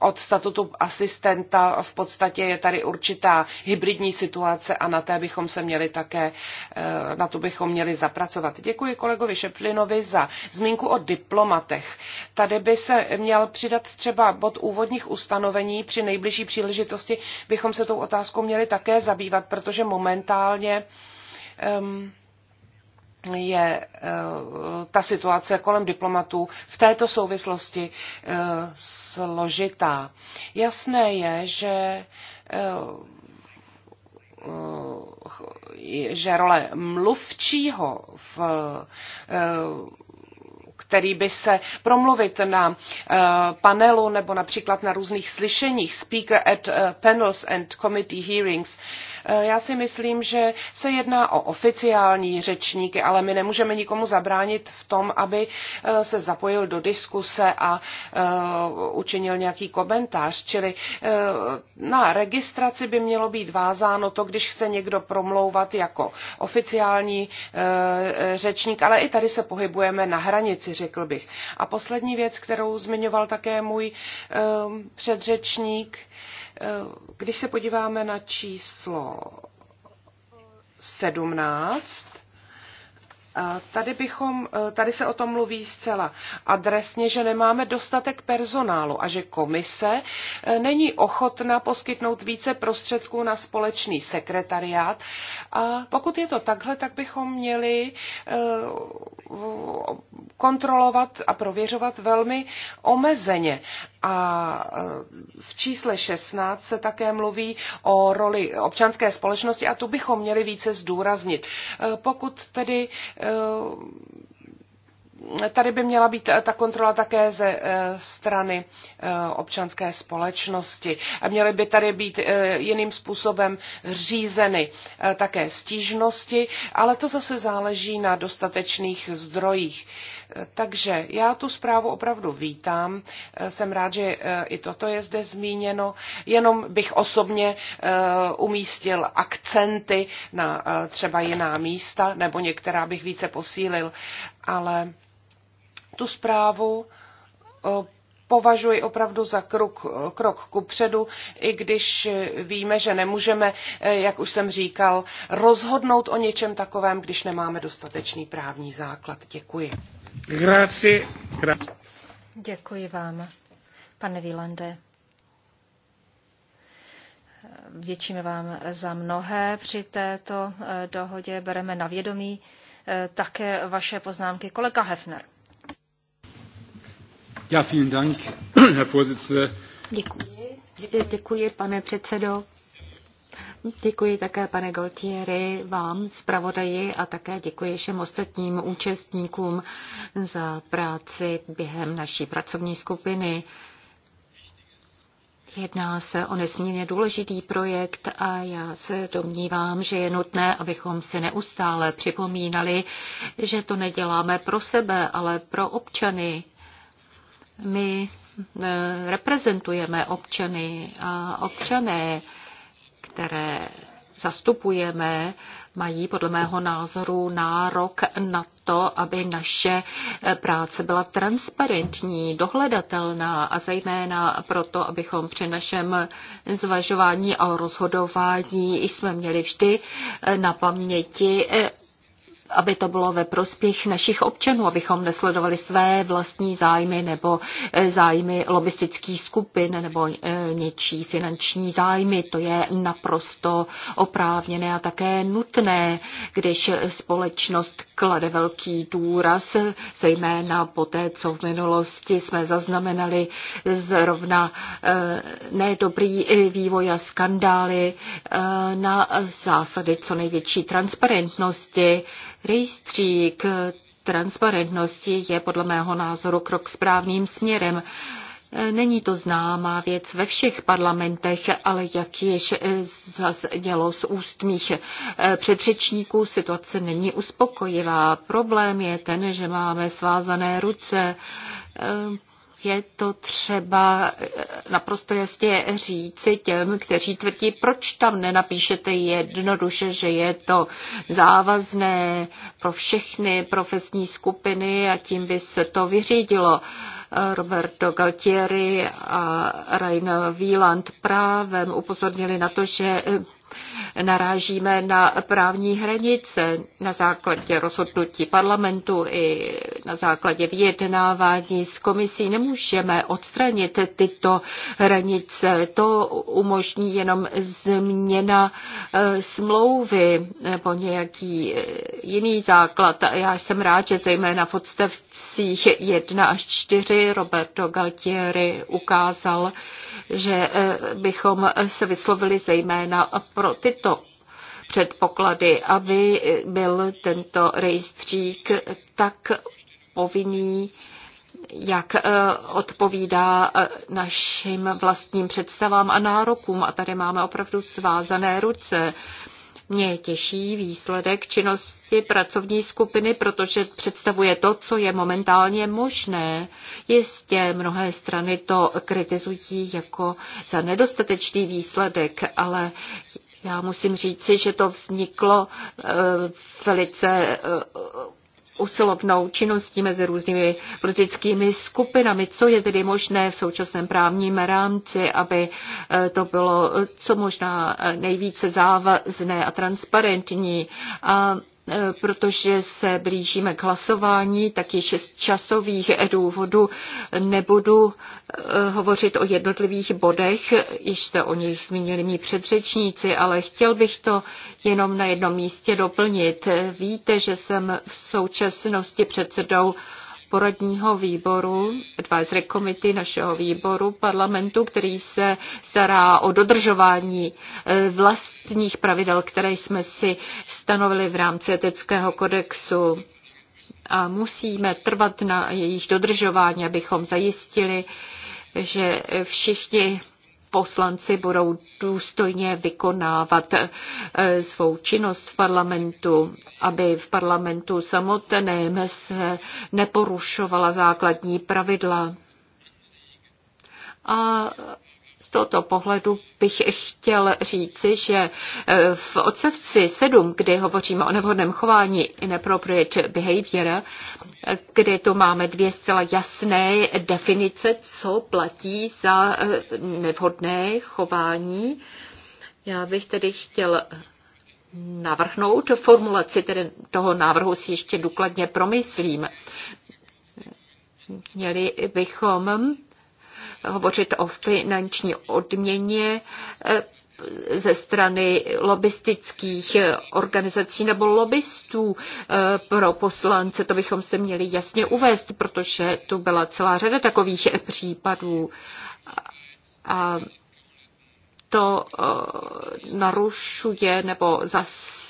od statutu asistenta v podstatě je tady určitá hybridní situace a na té bychom se měli také, eh, na tu bychom měli zapracovat. Děkuji kolegovi Šeplinovi za zmínku o diplomatech. Tady by se měl přidat třeba bod úvodních ustanovení. Při nejbližší příležitosti bychom se tou otázkou měli také zabývat, protože momentálně um, je eh, ta situace kolem diplomatů v této souvislosti eh, složitá. Jasné je, že eh, že role mluvčího v který by se promluvit na eh, panelu nebo například na různých slyšeních, speaker at eh, panels and committee hearings. Eh, já si myslím, že se jedná o oficiální řečníky, ale my nemůžeme nikomu zabránit v tom, aby se zapojil do diskuse a učinil nějaký komentář. Čili na registraci by mělo být vázáno to, když chce někdo promlouvat jako oficiální řečník, ale i tady se pohybujeme na hranici práci, řekl bych. A poslední věc, kterou zmiňoval také můj um, předřečník, ehm, když se podíváme na číslo 17, Tady, bychom, e, tady se o tom mluví zcela adresně, že nemáme dostatek personálu a že komise e, není ochotna poskytnout více prostředků na společný sekretariát. A pokud je to takhle, tak bychom měli e, kontrolovat a prověřovat velmi omezeně. A v čísle 16 se také mluví o roli občanské společnosti a tu bychom měli více zdůraznit. Pokud tedy uh, tady by měla být eh, ta kontrola také ze eh, strany eh, občanské společnosti. A měly by tady být jiným způsobem řízeny také stížnosti, ale to zase záleží na dostatečných zdrojích. Takže já tu zprávu opravdu vítám. Jsem rád, že i toto je zde zmíněno. Jenom bych osobně umístil akcenty na třeba jiná místa, nebo některá bych více posílil, ale tu zprávu eh, považuji opravdu za krok, krok ku předu, i když víme, že nemůžeme, eh, jak už jsem říkal, rozhodnout o něčem takovém, když nemáme dostatečný právní základ. Děkuji. Grazie. Gra- Děkuji vám, pane Vilande. Vděčíme vám za mnohé při této eh, dohodě. Bereme na vědomí také vaše poznámky. Kolega Hefner. Děkuji. Děkuji, pane předsedo. Děkuji také, pane Goltieri, vám, zpravodaji a také děkuji všem ostatním účastníkům za práci během naší pracovní skupiny. Jedná se o nesmírně důležitý projekt a já se domnívám, že je nutné, abychom si neustále připomínali, že to neděláme pro sebe, ale pro občany, my eh, reprezentujeme občany a občané, které zastupujeme, mají podle mého názoru nárok na to, aby naše eh, práce byla transparentní, dohledatelná a zejména proto, abychom při našem zvažování a rozhodování jsme měli vždy eh, na paměti aby to bylo ve prospěch našich občanů, abychom nesledovali své vlastní zájmy nebo eh, zájmy lobistických skupin nebo eh, něčí finanční zájmy. To je naprosto oprávněné a také nutné, když společnost klade velký důraz, zejména po té, co v minulosti jsme zaznamenali zrovna eh, nedobrý vývoj a skandály na zásady co největší transparentnosti Rejstřík transparentnosti je podle mého názoru krok správným směrem. Není to známá věc ve všech parlamentech, ale jak již zaznělo z úst mých eh, předřečníků, situace není uspokojivá. Problém je ten, že máme svázané ruce eh, je to třeba eh, naprosto jasně říci těm, kteří tvrdí, proč tam nenapíšete jednoduše, že je to závazné pro všechny profesní skupiny a tím by se to vyřídilo. Eh, Roberto Galtieri a Rainer Wieland právem upozornili na to, že eh, Narážíme na právní hranice na základě rozhodnutí parlamentu i na základě vyjednávání s komisí. Nemůžeme odstranit tyto hranice. To umožní jenom změna eh, smlouvy nebo nějaký eh, jiný základ. Já jsem rád, že zejména v odstavcích 1 až 4 Roberto Galtieri ukázal, že eh, bychom se vyslovili zejména pro tyto předpoklady, aby byl tento rejstřík tak povinný, jak eh, odpovídá eh, našim vlastním představám a nárokům. A tady máme opravdu svázané ruce. Mě těší výsledek činnosti pracovní skupiny, protože představuje to, co je momentálně možné. Jistě mnohé strany to kritizují jako za nedostatečný výsledek, ale já musím říci, že to vzniklo eh, velice eh, usilovnou činností mezi různými politickými skupinami. Co je tedy možné v současném právním rámci, aby eh, to bylo co možná nejvíce závazné a transparentní. A E, protože se blížíme k hlasování, tak již z časových důvodů nebudu e, hovořit o jednotlivých bodech, již se o nich zmínili mý předřečníci, ale chtěl bych to jenom na jednom místě doplnit. Víte, že jsem v současnosti předsedou poradního výboru, advisory committee našeho výboru parlamentu, který se stará o dodržování eh, vlastních pravidel, které jsme si stanovili v rámci etického kodexu. A musíme trvat na jejich dodržování, abychom zajistili, že všichni poslanci budou důstojně vykonávat eh, svou činnost v parlamentu, aby v parlamentu samotném se neporušovala základní pravidla a z tohoto pohledu bych chtěl říci, že eh, v odsevci 7, kdy hovoříme o nevhodném chování inappropriate behavior, eh, kdy tu máme dvě zcela jasné definice, co platí za eh, nevhodné chování, já bych tedy chtěl navrhnout formulaci tedy toho návrhu si ještě důkladně promyslím. Měli bychom hovořit o finanční odměně eh, ze strany lobistických eh, organizací nebo lobbystů eh, pro poslance. To bychom se měli jasně uvést, protože tu byla celá řada takových případů. A to narušuje nebo zase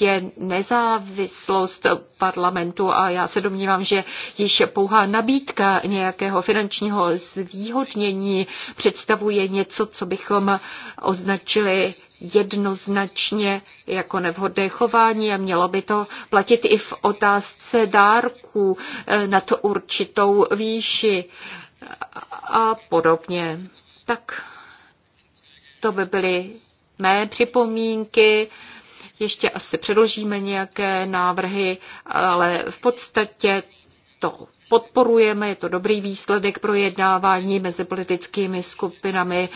je nezávislost parlamentu a já se domnívám, že již pouhá nabídka nějakého finančního zvýhodnění představuje něco, co bychom označili jednoznačně jako nevhodné chování a mělo by to platit i v otázce dárků eh, na to určitou výši a podobně. Tak to by byly mé připomínky. Ještě asi předložíme nějaké návrhy, ale v podstatě to podporujeme, je to dobrý výsledek projednávání mezi politickými skupinami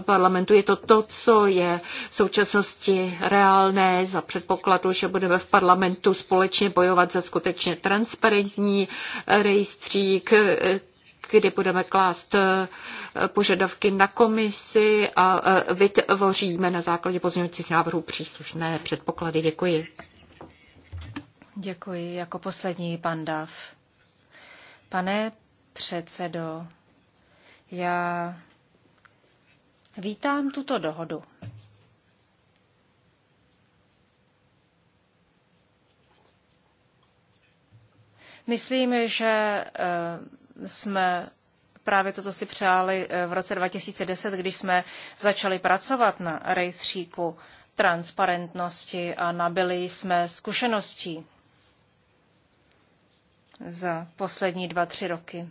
parlamentu. Je to to, co je v současnosti reálné za předpokladu, že budeme v parlamentu společně bojovat za skutečně transparentní rejstřík, kdy budeme klást eh, požadavky na komisi a eh, vytvoříme na základě pozměňujících návrhů příslušné předpoklady. Děkuji. Děkuji. Jako poslední pan Dav. Pane předsedo, já vítám tuto dohodu. Myslím, že eh, jsme právě to, co si přáli eh, v roce 2010, když jsme začali pracovat na rejstříku transparentnosti a nabili jsme zkušeností za poslední dva, tři roky.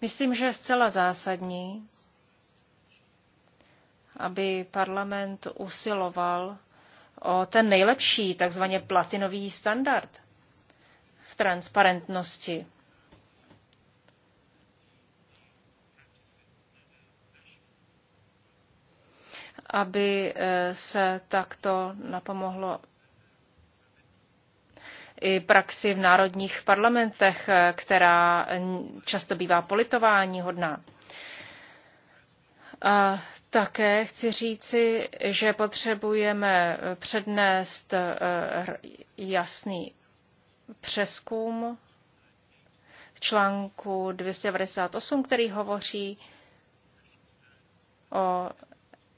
Myslím, že je zcela zásadní, aby parlament usiloval o ten nejlepší, takzvaně platinový standard – transparentnosti. aby eh, se takto napomohlo i praxi v národních parlamentech, eh, která často bývá politování hodná. A také chci říci, že potřebujeme přednést eh, jasný přeskum článku 298, který hovoří o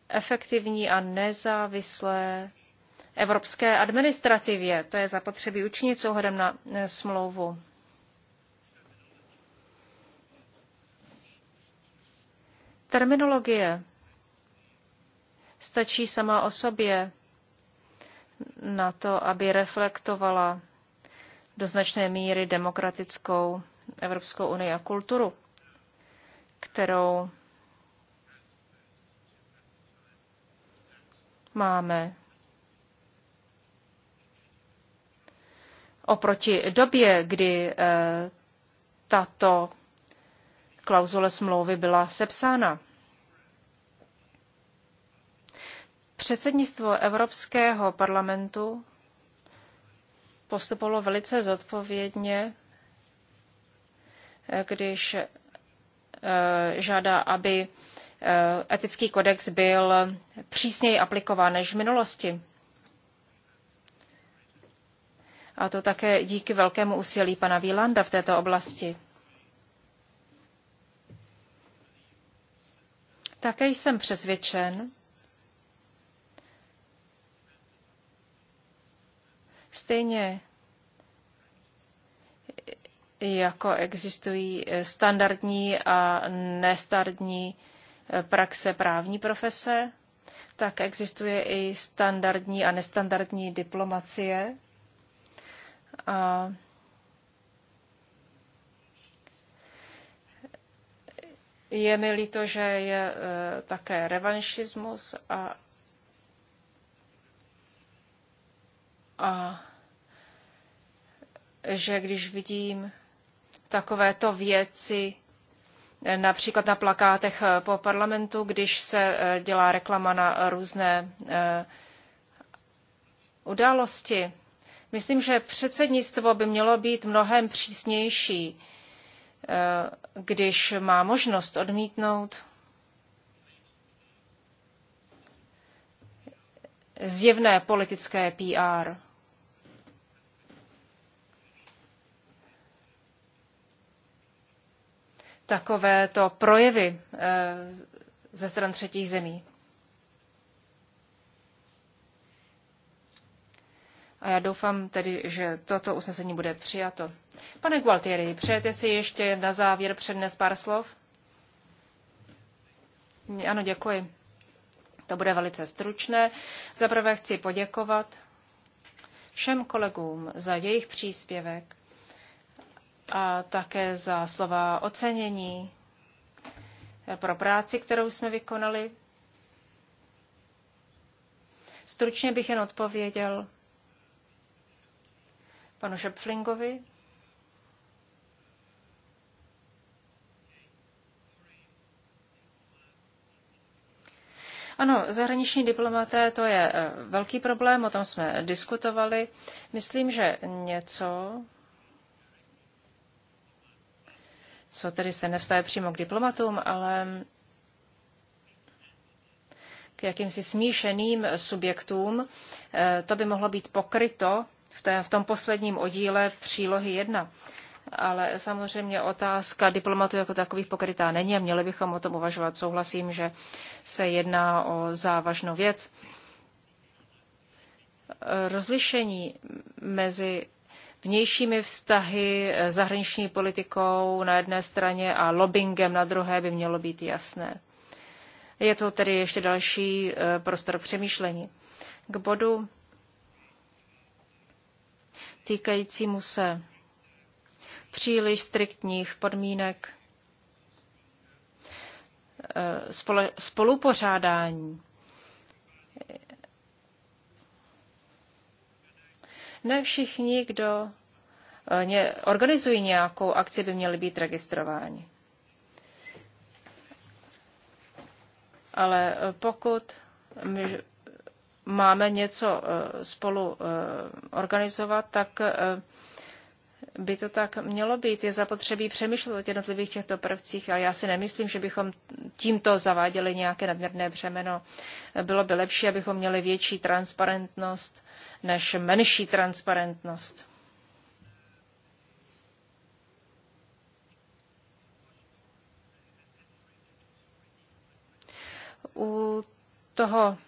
efektivní a nezávislé evropské administrativě. To je zapotřebí učinit s na eh, smlouvu. Terminologie stačí sama o sobě na to, aby reflektovala do značné míry demokratickou Evropskou unii a kulturu, kterou máme oproti době, kdy eh, tato klauzule smlouvy byla sepsána. Předsednictvo Evropského parlamentu postupovalo velice zodpovědně, eh, když eh, žádá, aby eh, etický kodex byl přísněji aplikován než v minulosti. A to také díky velkému úsilí pana Výlanda v této oblasti. Také jsem přesvědčen, Stejně jako existují standardní a nestandardní praxe právní profese, tak existuje i standardní a nestandardní diplomacie. A je mi líto, že je e, také revanšismus a a že když vidím takovéto věci, eh, například na plakátech eh, po parlamentu, když se eh, dělá reklama na různé události. Myslím, že předsednictvo by mělo být mnohem přísnější, když má možnost odmítnout zjevné politické PR. takovéto projevy eh, ze stran třetích zemí. A já doufám tedy, že toto usnesení bude přijato. Pane Gualtieri, přejete si ještě na závěr přednes pár slov? Ano, děkuji. To bude velice stručné. Zaprvé chci poděkovat všem kolegům za jejich příspěvek a také za slova ocenění pro práci, kterou jsme vykonali. Stručně bych jen odpověděl panu Šepflingovi. Ano, zahraniční diplomaté, to je eh, velký problém, o tom jsme diskutovali. Myslím, že něco, co tedy se nevstaje přímo k diplomatům, ale k jakýmsi smíšeným subjektům. Eh, to by mohlo být pokryto v, té, v tom posledním oddíle přílohy 1. Ale samozřejmě otázka diplomatů jako takových pokrytá není a měli bychom o tom uvažovat. Souhlasím, že se jedná o závažnou věc. Eh, rozlišení mezi vnějšími vztahy, eh, zahraniční politikou na jedné straně a lobbyingem na druhé by mělo být jasné. Je to tedy ještě další eh, prostor přemýšlení. K bodu týkajícímu se příliš striktních podmínek eh, spolupořádání Ne všichni, kdo eh, organizují nějakou akci, by měli být registrováni. Ale eh, pokud my máme něco eh, spolu organizovat, tak by to tak mělo být. Je zapotřebí přemýšlet o jednotlivých těchto prvcích a já si nemyslím, že bychom tímto zaváděli nějaké nadměrné břemeno. Bylo by lepší, abychom měli větší transparentnost než menší transparentnost. U toho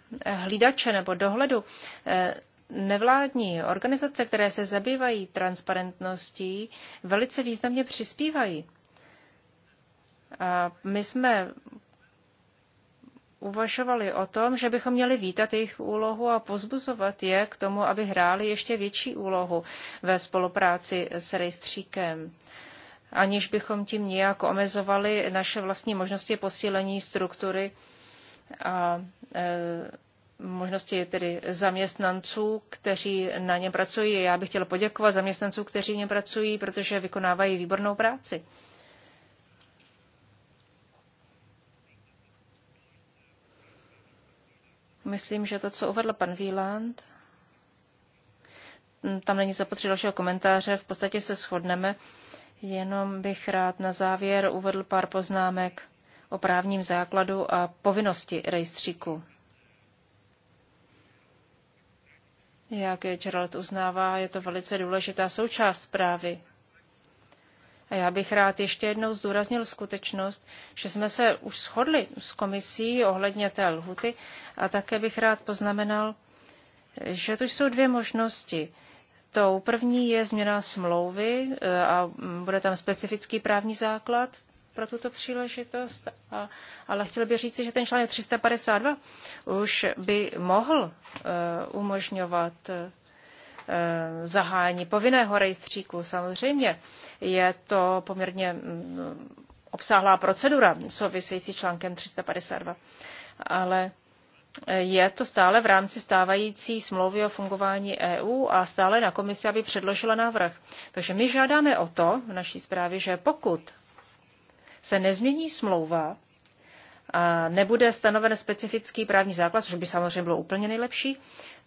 hlídače nebo dohledu eh, nevládní organizace, které se zabývají transparentností, velice významně přispívají. A my jsme uvažovali o tom, že bychom měli vítat jejich úlohu a pozbuzovat je k tomu, aby hráli ještě větší úlohu ve spolupráci s rejstříkem aniž bychom tím nějak omezovali naše vlastní možnosti posílení struktury a e, možnosti tedy zaměstnanců, kteří na něm pracují. Já bych chtěla poděkovat zaměstnancům, kteří v něm pracují, protože vykonávají výbornou práci. Myslím, že to, co uvedl pan Wieland, tam není zapotřebí dalšího komentáře, v podstatě se shodneme. Jenom bych rád na závěr uvedl pár poznámek o právním základu a povinnosti rejstříku. Jak Gerald uznává, je to velice důležitá součást zprávy. A já bych rád ještě jednou zdůraznil skutečnost, že jsme se už shodli s komisí ohledně té lhuty a také bych rád poznamenal, že tu jsou dvě možnosti. Tou první je změna smlouvy e, a bude tam specifický právní základ pro tuto příležitost, a, ale chtěl bych říci, že ten článek 352 už by mohl uh, umožňovat uh, eh, zahání povinného rejstříku. Samozřejmě je to poměrně mm, obsáhlá procedura související článkem 352, ale je to stále v rámci stávající smlouvy o fungování EU a stále na komisi, aby předložila návrh. Takže my žádáme o to v naší zprávě, že pokud se nezmění smlouva a nebude stanoven specifický právní základ, což by samozřejmě bylo úplně nejlepší,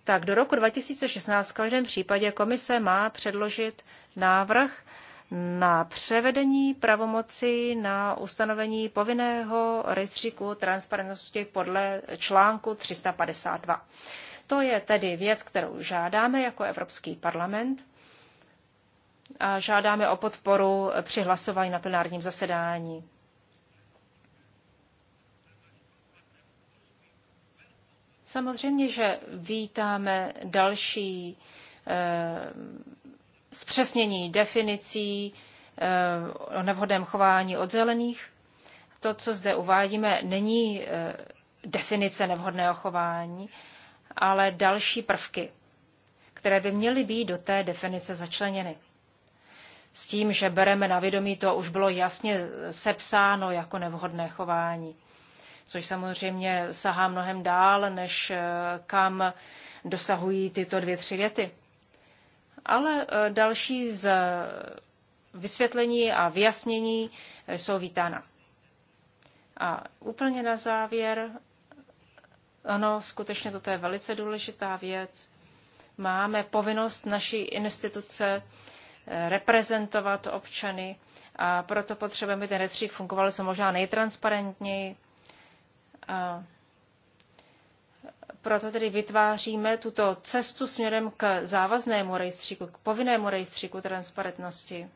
tak do roku 2016 v každém případě komise má předložit návrh na převedení pravomoci na ustanovení povinného rejstříku transparentnosti podle článku 352. To je tedy věc, kterou žádáme jako Evropský parlament a žádáme o podporu při hlasování na plenárním zasedání. Samozřejmě, že vítáme další eh, zpřesnění definicí eh, o nevhodném chování od zelených. To, co zde uvádíme, není eh, definice nevhodného chování, ale další prvky, které by měly být do té definice začleněny s tím, že bereme na vědomí, to už bylo jasně sepsáno jako nevhodné chování. Což samozřejmě sahá mnohem dál, než eh, kam dosahují tyto dvě, tři věty. Ale eh, další z vysvětlení a vyjasnění eh, jsou vítána. A úplně na závěr, ano, skutečně toto je velice důležitá věc. Máme povinnost naší instituce reprezentovat občany a proto potřebujeme, aby ten rejstřík fungoval co možná nejtransparentněji. A proto tedy vytváříme tuto cestu směrem k závaznému rejstříku, k povinnému rejstříku transparentnosti.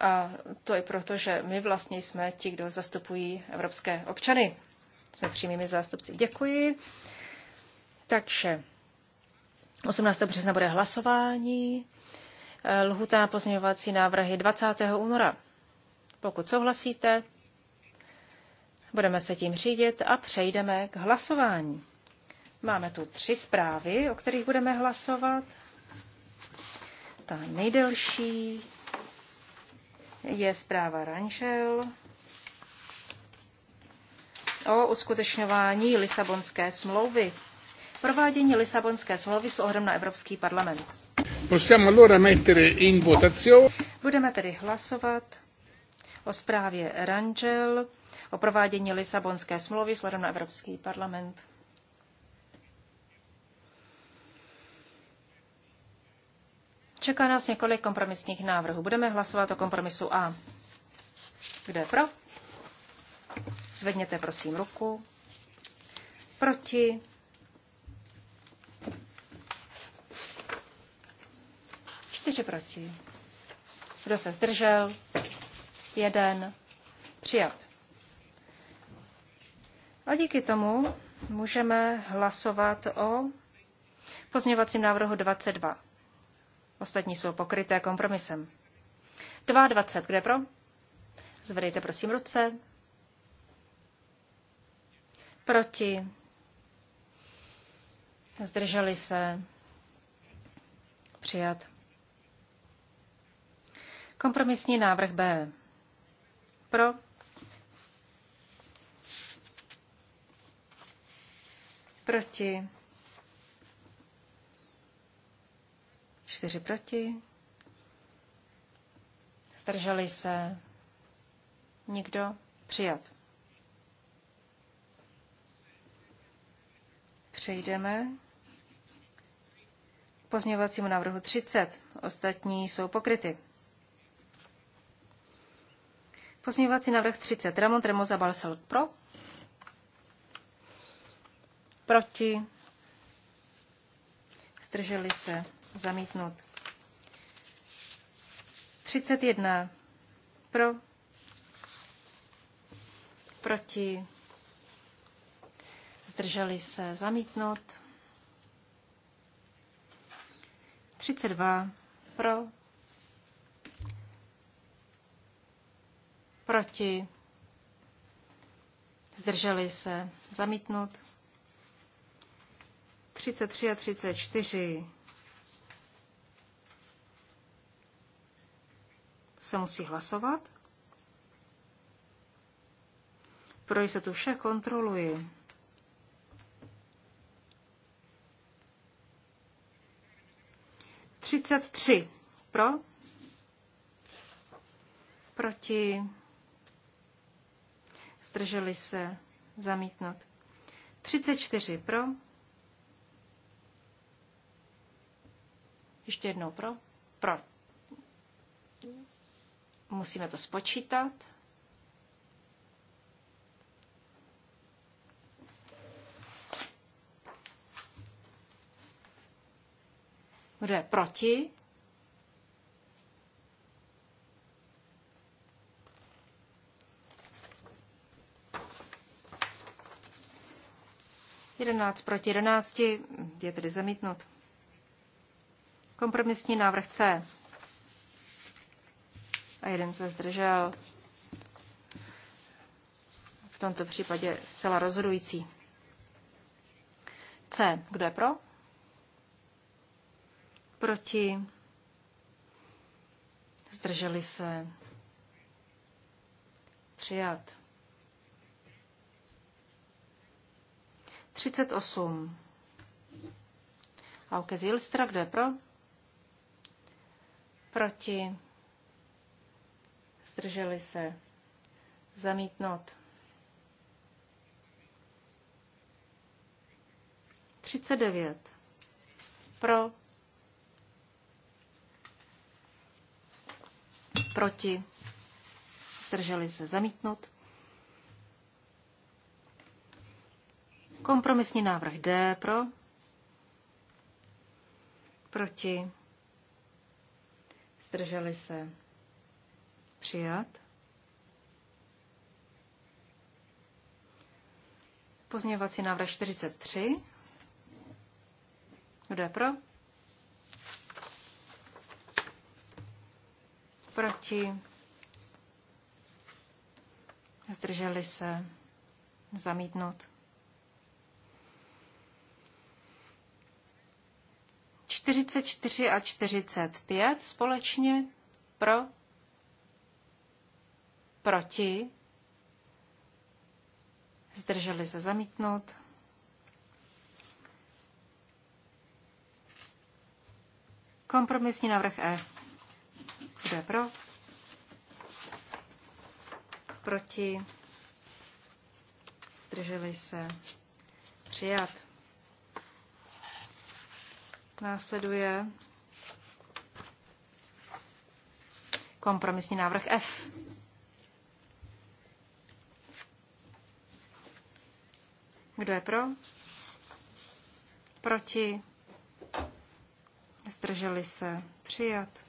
A to i proto, že my vlastně jsme ti, kdo zastupují evropské občany. Jsme přímými zástupci. Děkuji. Takže 18. března bude hlasování, eh, lhuta na pozměňovací návrhy 20. února. Pokud souhlasíte, budeme se tím řídit a přejdeme k hlasování. Máme tu tři zprávy, o kterých budeme hlasovat. Ta nejdelší je zpráva Rangel o uskutečňování Lisabonské smlouvy provádění Lisabonské smlouvy s ohledem na Evropský parlament. Budeme tedy hlasovat o zprávě Rangel o provádění Lisabonské smlouvy s ohledem na Evropský parlament. Čeká nás několik kompromisních návrhů. Budeme hlasovat o kompromisu A. Kdo je pro? Zvedněte prosím ruku. Proti? čtyři proti. Kdo se zdržel? Jeden. Přijat. A díky tomu můžeme hlasovat o pozměňovacím návrhu 22. Ostatní jsou pokryté kompromisem. 22. Kde pro? Zvedejte prosím ruce. Proti. Zdrželi se. Přijat. Kompromisní návrh B. Pro. Proti. Čtyři proti. Zdrželi se. Nikdo. Přijat. Přejdeme pozměňovacímu návrhu 30. Ostatní jsou pokryty. Pozměňovací návrh 30. Ramon Tremoza Balsal pro. Proti. Zdrželi se. Zamítnut. 31. Pro. Proti. Zdrželi se. Zamítnout. 32. Pro. Proti? Zdrželi se. Zamítnut. 33 a 34 se musí hlasovat. Pro tu vše kontroluji. Třicet tři. Pro? Proti? zdrželi se, zamítnout. 34 pro, ještě jednou pro, pro. Musíme to spočítat. Kdo je proti? 11 proti 11 je tedy zamítnut. Kompromisní návrh C. A jeden se zdržel. V tomto případě zcela rozhodující. C. Kdo je pro? Proti? Zdrželi se? Přijat. 38. Auke Zilstra, kdo je pro? Proti. Zdrželi se. Zamítnout. 39. Pro. Proti. Zdrželi se. Zamítnout. Kompromisní návrh D pro, proti, zdrželi se, přijat. Pozměňovací návrh 43. Kdo je pro? Proti? Zdrželi se? Zamítnout. 44 a 45 společně pro, proti, zdrželi se zamítnout. Kompromisní návrh E. Kdo je pro? Proti? Zdrželi se? Přijat. Následuje kompromisní návrh F. Kdo je pro? Proti? Zdrželi se? Přijat?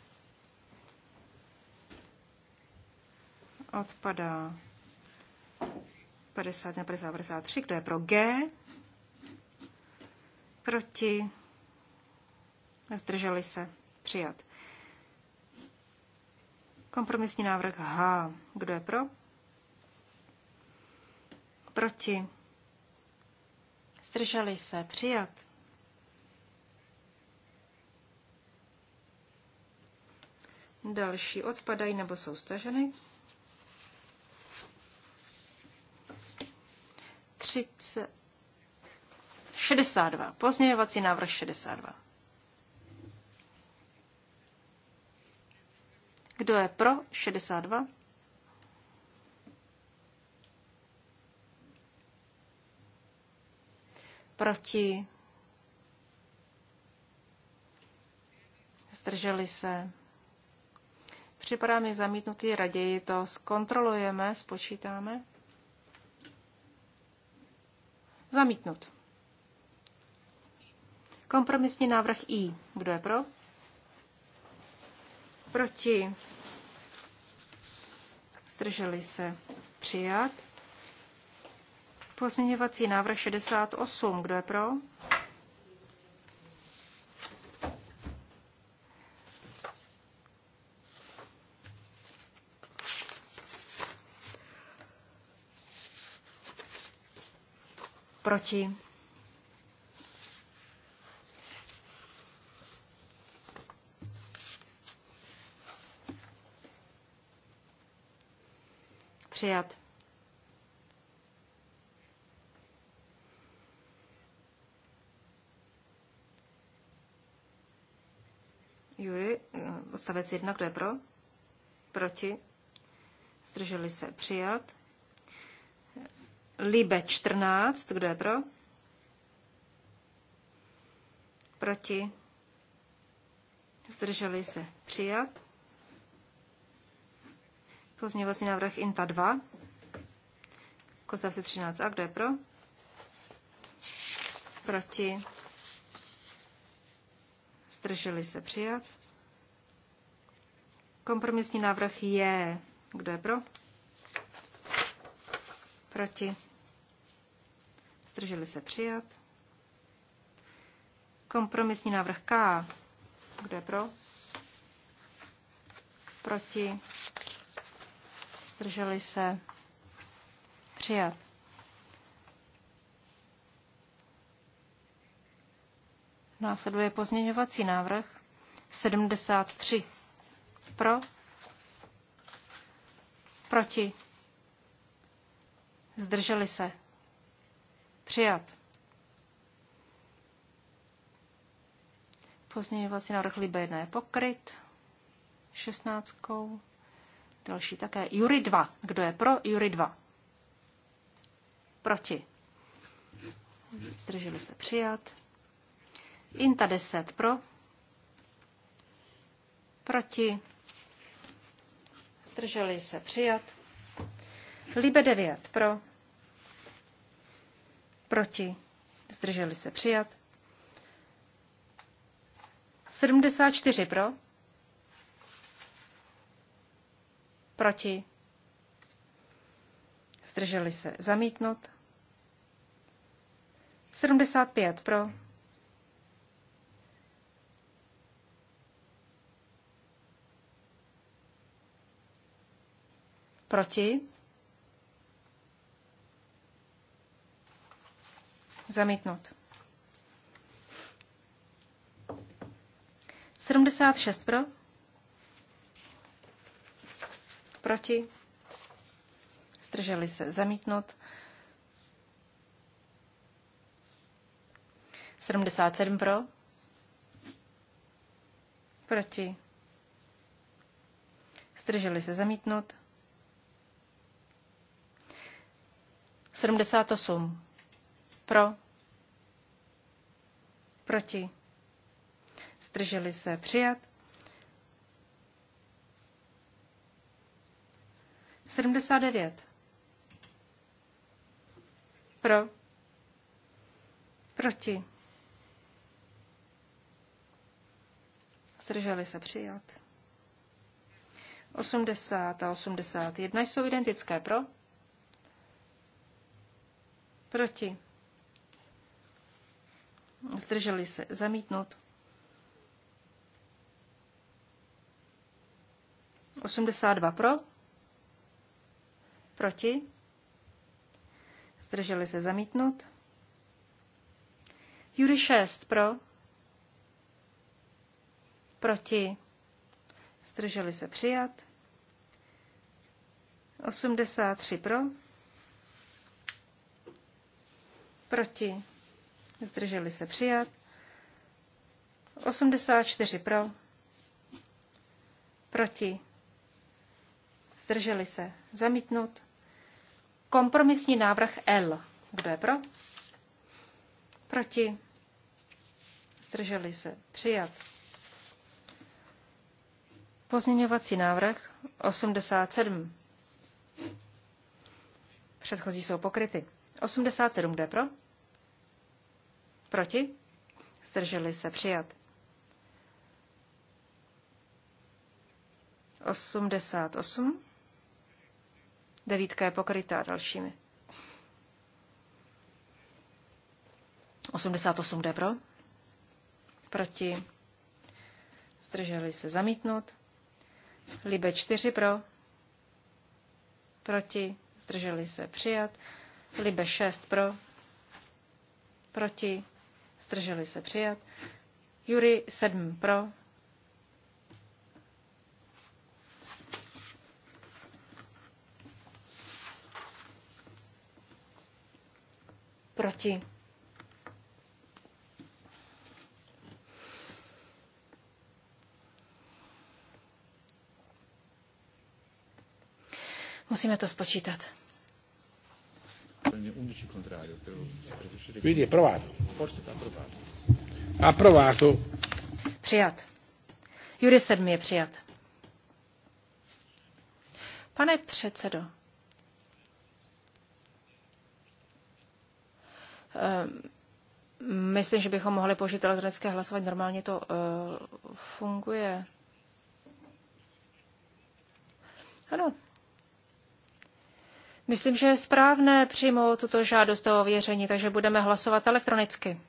Odpadá 50 na 50, 53. Kdo je pro G? Proti? zdrželi se, přijat. Kompromisní návrh H. Kdo je pro? Proti. Zdrželi se, přijat. Další odpadají nebo jsou staženy. 30, 62. Pozměňovací návrh 62. Kdo je pro 62? Proti? Zdrželi se? Připadá mi zamítnutý, raději to zkontrolujeme, spočítáme. Zamítnut. Kompromisní návrh I. Kdo je pro? Proti? Zdrželi se. Přijat. Pozměňovací návrh 68. Kdo je pro? Proti? přijat. Jury, no, odstavec jedna, kdo je pro? Proti? Zdrželi se přijat. Libe 14, kdo je pro? Proti? Zdrželi se přijat. Pozměňovací návrh INTA 2. Kozáci 13a. Kdo je pro? Proti? Zdrželi se přijat. Kompromisní návrh je. Kdo je pro? Proti? Zdrželi se přijat. Kompromisní návrh K. Kdo je pro? Proti? zdrželi se, přijat. Následuje pozměňovací návrh 73. Pro, proti, zdrželi se, přijat. Pozměňovací návrh Libe je pokryt šestnáctkou. Další také. Jury 2. Kdo je pro? Jury 2. Proti. Zdrželi se přijat. Inta 10 pro. Proti. Zdrželi se přijat. Libe 9 pro. Proti. Zdrželi se přijat. 74 pro. Proti? Zdrželi se. Zamítnut. 75 pro. Proti? Zamítnut. 76 pro. Proti? Zdrželi se zamítnout. 77 pro. Proti. Zdrželi se zamítnout. 78 pro. Proti. Zdrželi se přijat. 79. Pro. Proti. Zdrželi se přijat. 80 a 81 jsou identické pro. Proti. Zdrželi se zamítnout. 82 pro. Proti? Zdrželi se zamítnut. Jury 6 pro. Proti. Zdrželi se přijat. 83 pro. Proti. Zdrželi se přijat. 84 pro. Proti. Zdrželi se zamítnut. Kompromisní návrh L. Kdo je pro? Proti? Zdrželi se. Přijat. Pozměňovací návrh 87. Předchozí jsou pokryty. 87 je pro? Proti? Zdrželi se přijat. 88. Devítka je pokrytá dalšími. 88 jde pro. Proti. Zdrželi se zamítnout. Libe 4 pro. Proti. Zdrželi se přijat. Libe 6 pro. Proti. Zdrželi se přijat. Jury 7 pro. smrti. Musíme to spočítat. Quindi è approvato. Forse è approvato. Approvato. Přijat. Jury 7 je přijat. Pane předsedo, Ehm, myslím, že bychom mohli použít elektronické hlasování. Normálně to eh, funguje. Ano. Myslím, že je správné přijmout tuto žádost o věření, takže budeme hlasovat elektronicky.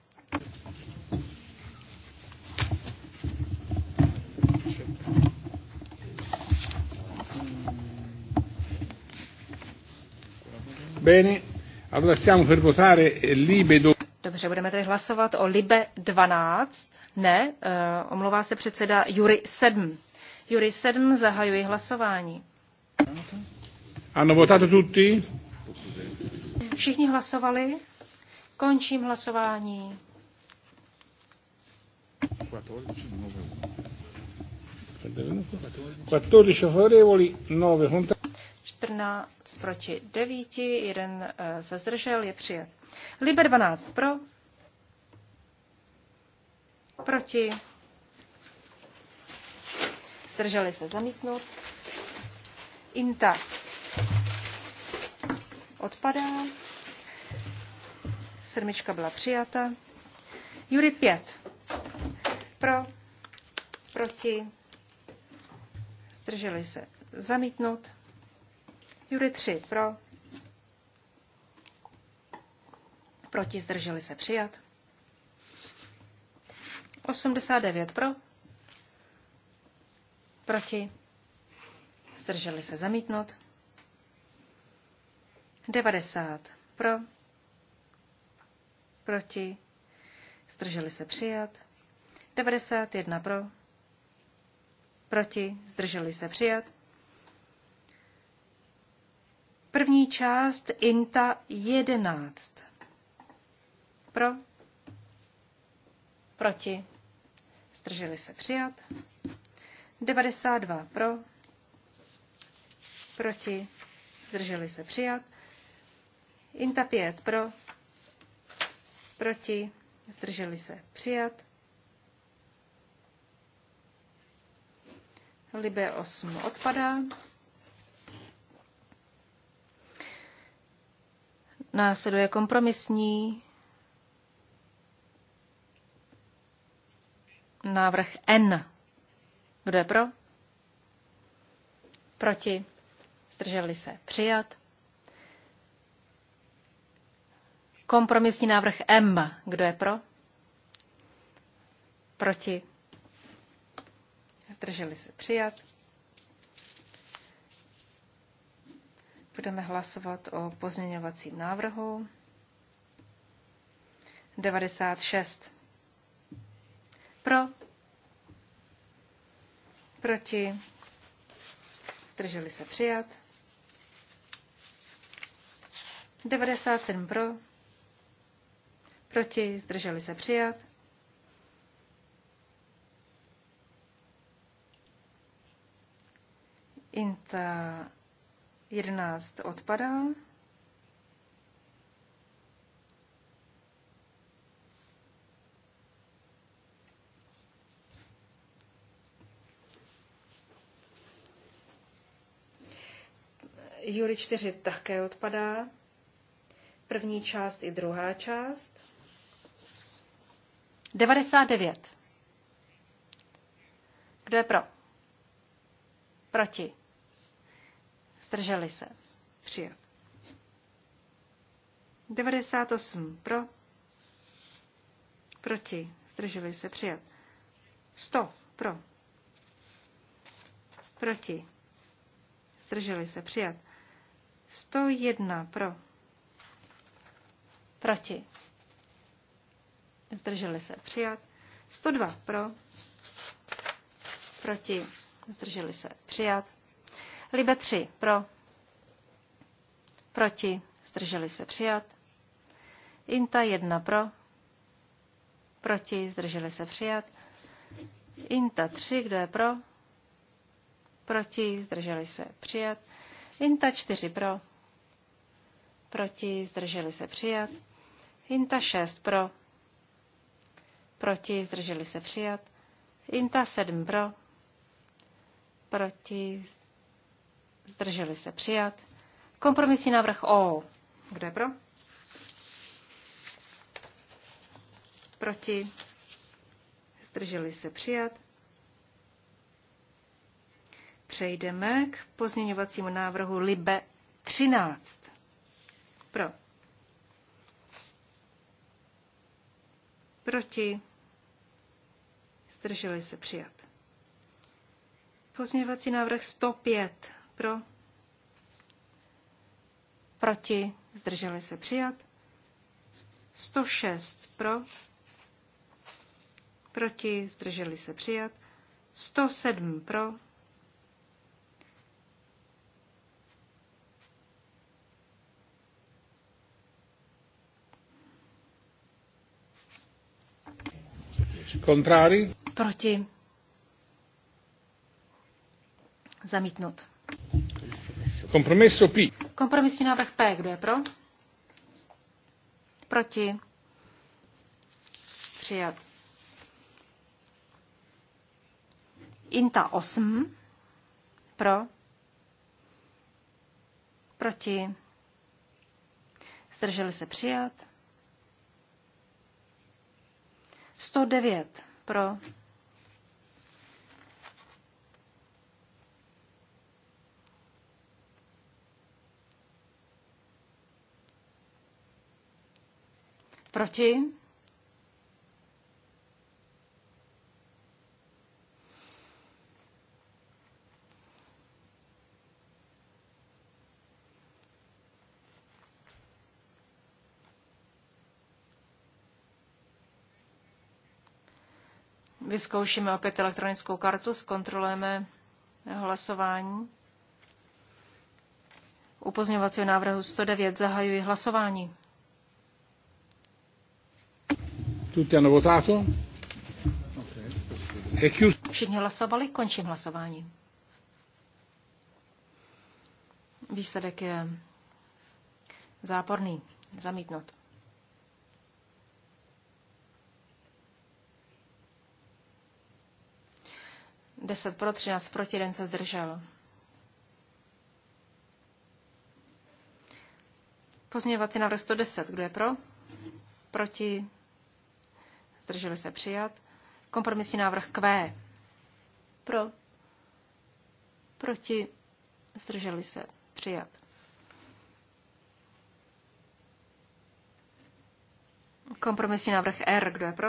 Bene, Allora stiamo per votare eh, Libe Dobře, budeme tedy hlasovat o Libe 12. Ne, uh, omlouvá se předseda Jury 7. Jury 7, zahajuji hlasování. Ano, votato tutti? Všichni hlasovali. Končím hlasování. 14 favorevoli, 9 contrari. 14 proti 9, jeden eh, se zdržel, je přijat. Liber 12 pro, proti, zdrželi se zamítnout. Inta odpadá, sedmička byla přijata. Jury 5 pro, proti, zdrželi se zamítnout. Jury 3 pro. Proti zdrželi se přijat. 89 pro. Proti. Zdrželi se zamítnout. 90 pro. Proti. Zdrželi se přijat. 91 pro. Proti. Zdrželi se přijat. První část INTA 11. Pro? Proti? Zdrželi se přijat. 92 pro? Proti? Zdrželi se přijat. INTA 5 pro? Proti? Zdrželi se přijat. Libe 8 odpadá. Následuje kompromisní návrh N. Kdo je pro? Proti? Zdrželi se? Přijat. Kompromisní návrh M. Kdo je pro? Proti? Zdrželi se? Přijat. Budeme hlasovat o pozměňovacím návrhu. 96. Pro. Proti. Zdrželi se přijat. 97 pro. Proti. Zdrželi se přijat. inta 11 odpadá. Jury 4 také odpadá. První část i druhá část. 99. Kdo je pro? Proti. Zdrželi se. Přijat. 98 pro. Proti. Zdrželi se. Přijat. 100 pro. Proti. Zdrželi se. Přijat. 101 pro. Proti. Zdrželi se. Přijat. 102 pro. Proti. Zdrželi se. Přijat. Libe 3 pro, proti, zdrželi se přijat. Inta 1 pro, proti, zdrželi se přijat. Inta 3, kdo je pro, proti, zdrželi se přijat. Inta 4 pro, proti, zdrželi se přijat. Inta 6 pro, proti, zdrželi se přijat. Inta 7 pro, proti, Zdrželi se přijat. Zdrželi se přijat. Kompromisní návrh O. Kdo je pro? Proti? Zdrželi se přijat. Přejdeme k pozměňovacímu návrhu Libe 13. Pro. Proti? Zdrželi se přijat. Pozměňovací návrh 105 pro, proti, zdrželi se přijat, 106 pro, proti, zdrželi se přijat, 107 pro, Kontrári? Proti. Zamítnut. Kompromiso P. Kompromisní návrh P. Kdo je pro? Proti? Přijat. Inta 8. Pro? Proti? Zdrželi se přijat. 109 pro Proti? Vyzkoušíme opět elektronickou kartu, zkontrolujeme hlasování. Upozňovacího návrhu 109 zahajuji hlasování. Tutti hanno votato? È chiuso. Všichni hlasovali, končím hlasování. Výsledek je záporný, zamítnut. Deset pro, třináct proti, jeden se zdržel. Pozměňovací návrh 110. Kdo je pro? Proti? zdrželi se přijat. Kompromisní návrh Q. Pro, proti, zdrželi se přijat. Kompromisní návrh R, kdo je pro?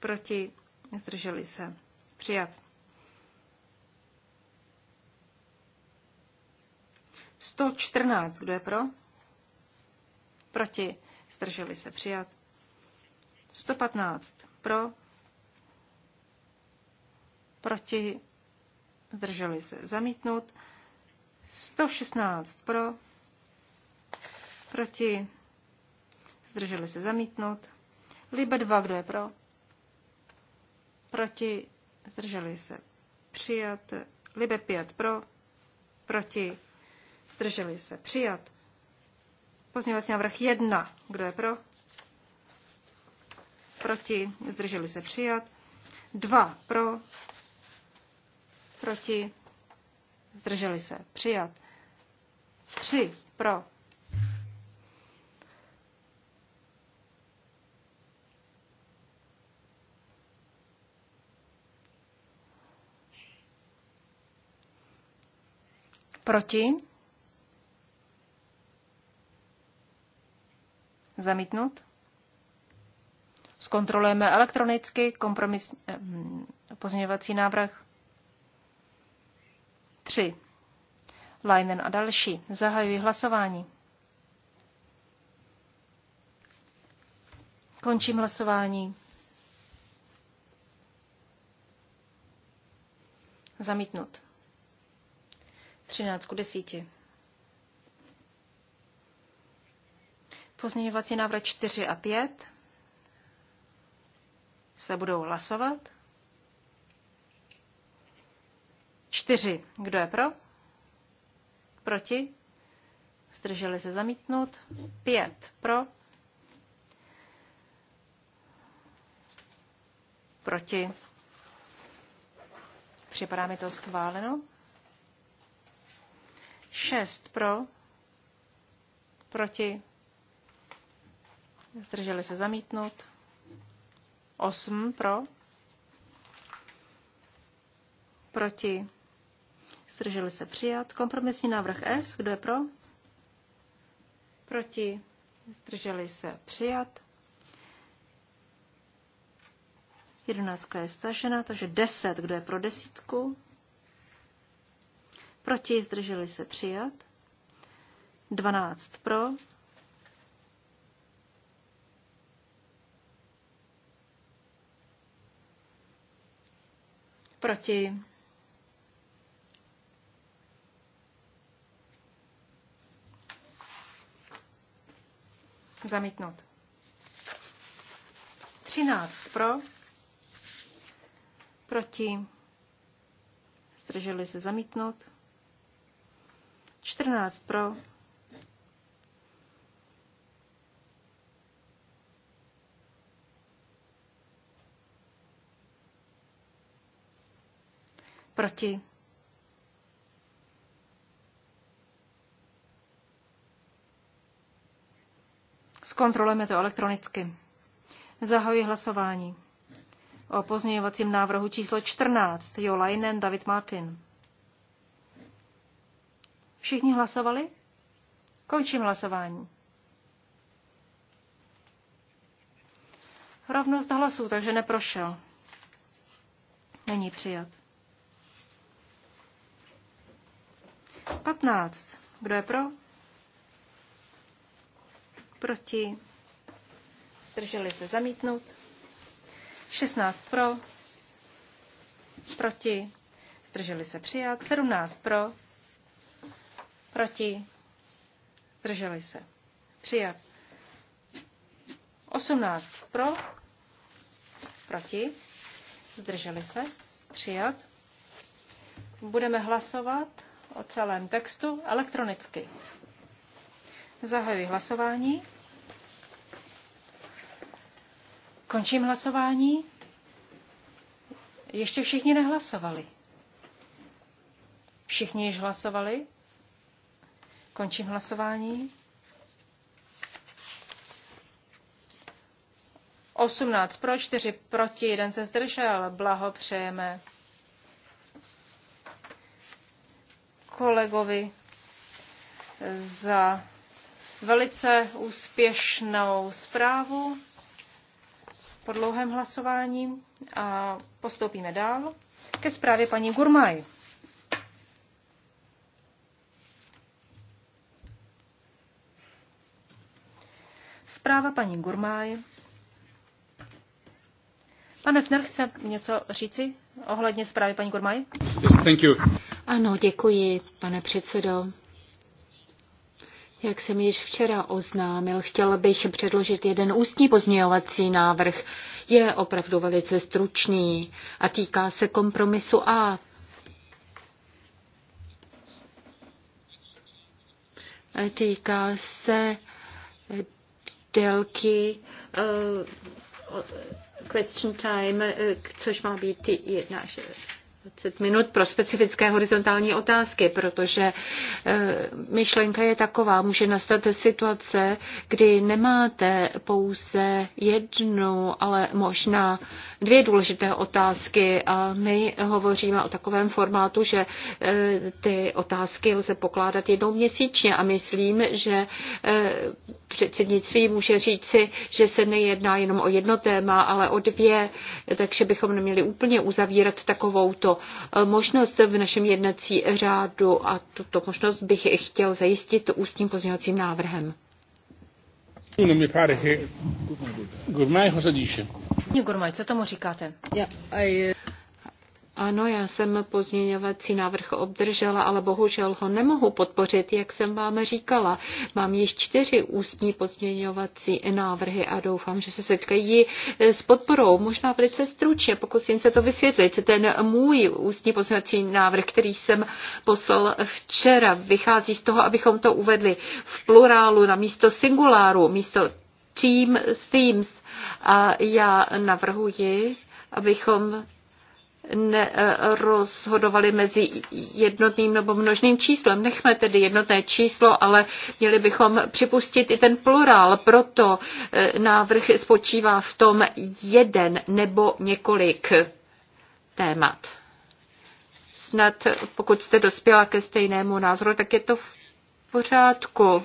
Proti, zdrželi se přijat. 114, kdo je pro? Proti, zdrželi se přijat. 115 pro, proti, zdrželi se zamítnout, 116 pro, proti, zdrželi se zamítnout, Libe 2, kdo je pro, proti, zdrželi se přijat, Libe 5 pro, proti, zdrželi se přijat, pozměňovací návrh 1, kdo je pro, proti, zdrželi se přijat. Dva pro, proti, zdrželi se přijat. Tři pro, Proti? Zamítnout? zkontrolujeme elektronicky kompromis, eh, pozměňovací návrh 3. Leinen a další. Zahajuji hlasování. Končím hlasování. Zamítnut. 13 k 10. Pozměňovací návrh 4 a 5 se budou hlasovat. Čtyři. Kdo je pro? Proti? Zdrželi se zamítnout. Pět. Pro? Proti? Připadá mi to schváleno. Šest. Pro? Proti? Zdrželi se zamítnout. 8 pro, proti, zdrželi se přijat. Kompromisní návrh S, kdo je pro, proti, zdrželi se přijat. 11 je stažena, takže 10, kdo je pro desítku, proti, zdrželi se přijat. 12 pro, Proti? Zamítnout. 13 pro, proti, zdrželi se zamítnout. 14 pro, Proti? Zkontrolujeme to elektronicky. Zahajuji hlasování o pozměňovacím návrhu číslo 14. Jo Leinen, David Martin. Všichni hlasovali? Končím hlasování. Rovnost hlasů, takže neprošel. Není přijat. 15. Kdo je pro? Proti? Zdrželi se zamítnout. 16 pro. Proti? Zdrželi se přijat. 17 pro. Proti? Zdrželi se. Přijat. 18 pro. Proti? Zdrželi se. Přijat. Budeme hlasovat o celém textu elektronicky. Zahajuji hlasování. Končím hlasování. Ještě všichni nehlasovali. Všichni již hlasovali. Končím hlasování. 18 pro, 4 proti, 1 se zdržel. Blahopřejeme kolegovi za velice úspěšnou zprávu po dlouhém hlasování a postoupíme dál ke zprávě paní Gurmaj. Zpráva paní Gurmaj. Pane Fner, chce něco říci ohledně zprávy paní Gurmaj? Yes, thank you. Ano, děkuji, pane předsedo. Jak jsem již včera oznámil, chtěl bych předložit jeden ústní pozměňovací návrh. Je opravdu velice stručný a týká se kompromisu A. Týká se délky eh, question time, eh, což má být jedna 20 minut pro specifické horizontální otázky, protože eh, myšlenka je taková, může nastat situace, kdy nemáte pouze jednu, ale možná dvě důležité otázky a my hovoříme o takovém formátu, že eh, ty otázky lze pokládat jednou měsíčně a myslím, že eh, předsednictví může říci, že se nejedná jenom o jedno téma, ale o dvě, takže bychom neměli úplně uzavírat takovouto Eh, možnost v našem jednací řádu a tuto možnost bych chtěl zajistit ústním pozměňovacím návrhem. Non mi co tomu říkáte? Yeah, I, ano, já jsem pozměňovací návrh obdržela, ale bohužel ho nemohu podpořit, jak jsem vám říkala. Mám již čtyři ústní pozměňovací návrhy a doufám, že se setkají s podporou. Možná velice stručně, pokusím se to vysvětlit. Ten můj ústní pozměňovací návrh, který jsem poslal včera, vychází z toho, abychom to uvedli v plurálu na místo singuláru, místo team themes. A já navrhuji, abychom rozhodovali mezi jednotným nebo množným číslem. Nechme tedy jednotné číslo, ale měli bychom připustit i ten plurál. Proto eh, návrh spočívá v tom jeden nebo několik témat. Snad pokud jste dospěla ke stejnému názoru, tak je to v pořádku.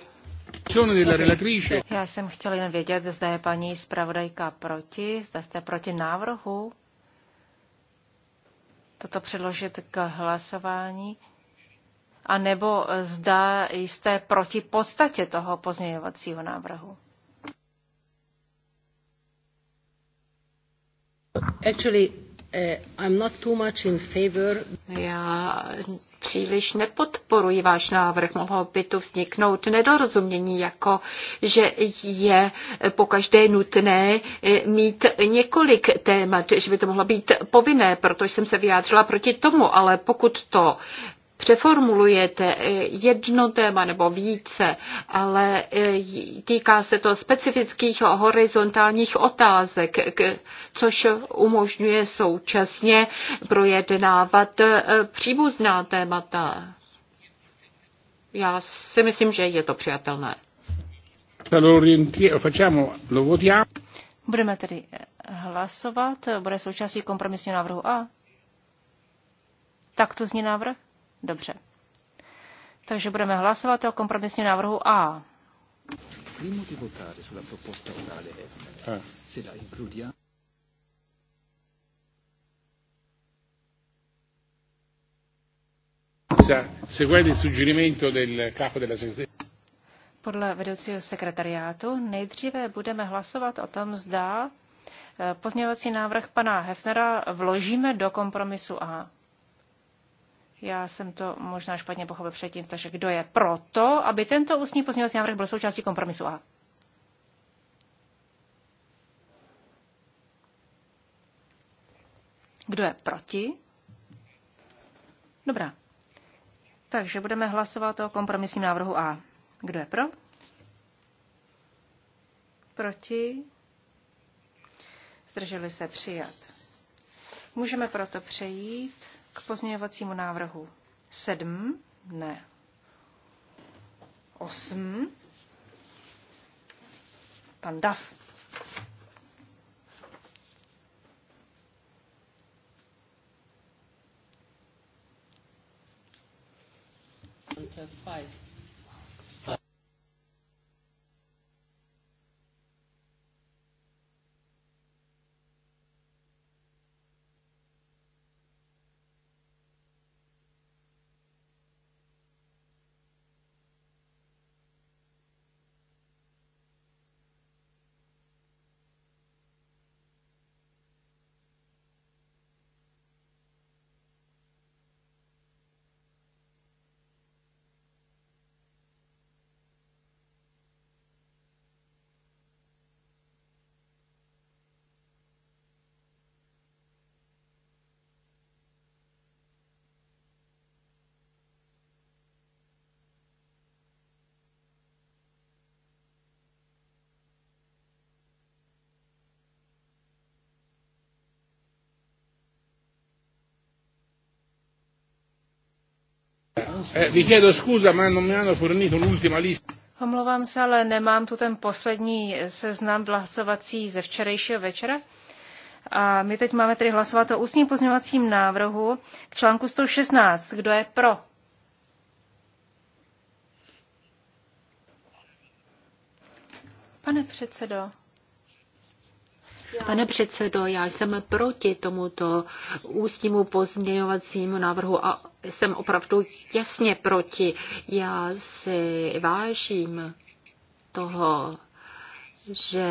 Já jsem chtěla jen vědět, zda je paní zpravodajka proti, zda jste proti návrhu toto předložit k hlasování? A nebo zda jste proti podstatě toho pozměňovacího návrhu? Actually, Eh, I'm not too much in favor. Já příliš nepodporuji váš návrh. Mohlo by tu vzniknout nedorozumění, jako že je pokaždé nutné eh, mít několik témat, že by to mohlo být povinné, protože jsem se vyjádřila proti tomu, ale pokud to přeformulujete eh, jedno téma nebo více, ale eh, týká se to specifických horizontálních otázek, což umožňuje současně projednávat eh, příbuzná témata. Já si myslím, že je to přijatelné. Budeme tedy hlasovat. Bude součástí kompromisního návrhu A. Tak to zní návrh? Dobře. Takže budeme hlasovat o kompromisním návrhu A. Podle vedoucího sekretariátu nejdříve budeme hlasovat o tom, zda eh, pozměňovací návrh pana Hefnera vložíme do kompromisu A. Já jsem to možná špatně pochopil předtím, takže kdo je proto, aby tento ústní pozměňovací návrh byl součástí kompromisu A? Kdo je proti? Dobrá. Takže budeme hlasovat o kompromisním návrhu A. Kdo je pro? Proti? Zdrželi se přijat. Můžeme proto přejít k pozměňovacímu návrhu 7, ne, 8, pan Dav. Five. Eh, vi chiedo scusa, ma non mi hanno fornito l'ultima lista. Omlouvám se, ale nemám tu ten poslední seznam hlasovací ze včerejšího večera. A my teď máme tedy hlasovat o ústním pozměňovacím návrhu k článku 116. Kdo je pro? Pane předsedo, Pane předsedo, já jsem proti tomuto ústnímu pozměňovacímu návrhu a jsem opravdu jasně proti. Já si vážím toho, že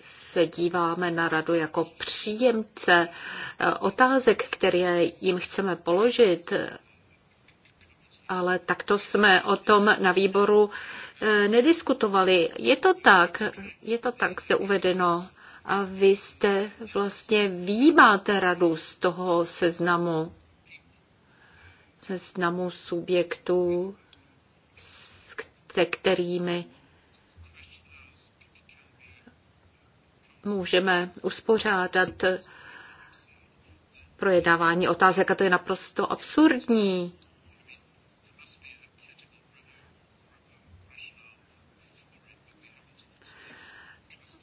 se díváme na radu jako příjemce otázek, které jim chceme položit, ale takto jsme o tom na výboru eh, nediskutovali. Je to tak, je to tak zde uvedeno. A vy jste vlastně výjímáte radu z toho seznamu, seznamu subjektů, se kterými můžeme uspořádat projednávání otázek a to je naprosto absurdní.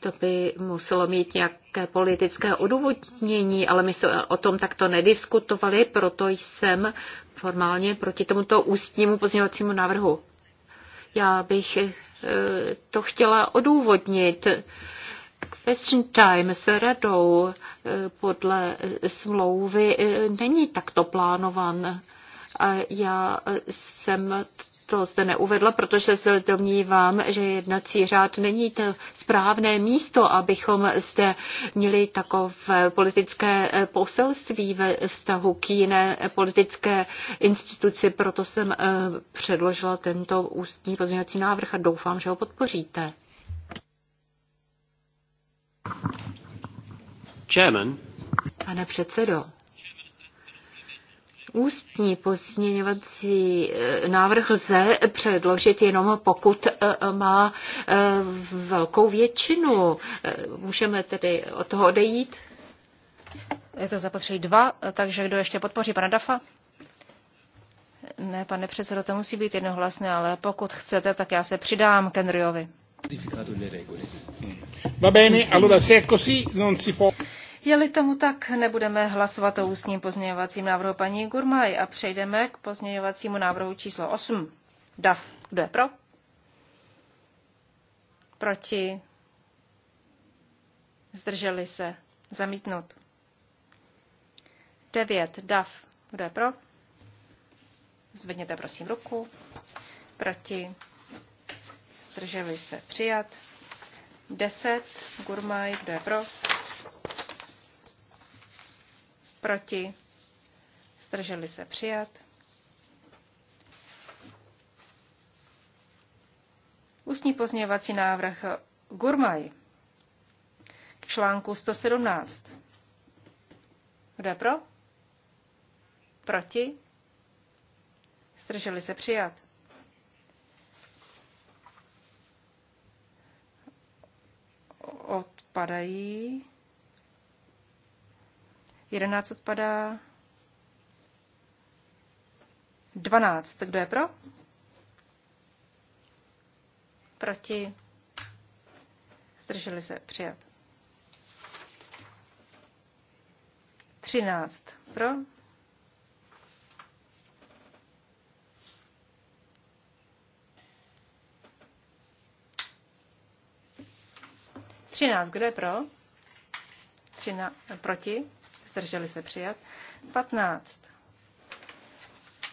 To by muselo mít nějaké politické odůvodnění, ale my jsme o tom takto nediskutovali, proto jsem formálně proti tomuto ústnímu pozměňovacímu návrhu. Já bych eh, to chtěla odůvodnit. Question time s radou eh, podle smlouvy eh, není takto plánovan. Já jsem to zde neuvedla, protože se domnívám, že jednací řád není to správné místo, abychom zde měli takové politické poselství ve vztahu k jiné politické instituci. Proto jsem eh, předložila tento ústní pozměňovací návrh a doufám, že ho podpoříte. Chairman. Pane předsedo, Ústní pozměňovací eh, návrh lze předložit jenom pokud eh, má eh, velkou většinu. Můžeme tedy od toho odejít? Je to zapotřebí dva, takže kdo ještě podpoří pana Dafa? Ne, pane předsedo, to musí být jednohlasné, ale pokud chcete, tak já se přidám k Henryovi. Va bene, allora se è così non si può... Je-li tomu tak, nebudeme hlasovat o ústním pozměňovacím návrhu paní Gurmaj a přejdeme k pozměňovacímu návrhu číslo 8. DAF. Kdo je pro? Proti? Zdrželi se. Zamítnut. 9. DAF. Kdo je pro? Zvedněte prosím ruku. Proti? Zdrželi se. Přijat. 10. Gurmaj. Kdo je pro? proti, zdrželi se přijat. Ústní pozměňovací návrh Gurmaj k článku 117. Kdo je pro? Proti? Zdrželi se přijat. Odpadají 11 odpadá. 12. Kdo je pro? Proti? Zdrželi se. Přijat. 13. Pro? Třináct. Kdo je pro? Třina, proti? zdrželi se přijat. 15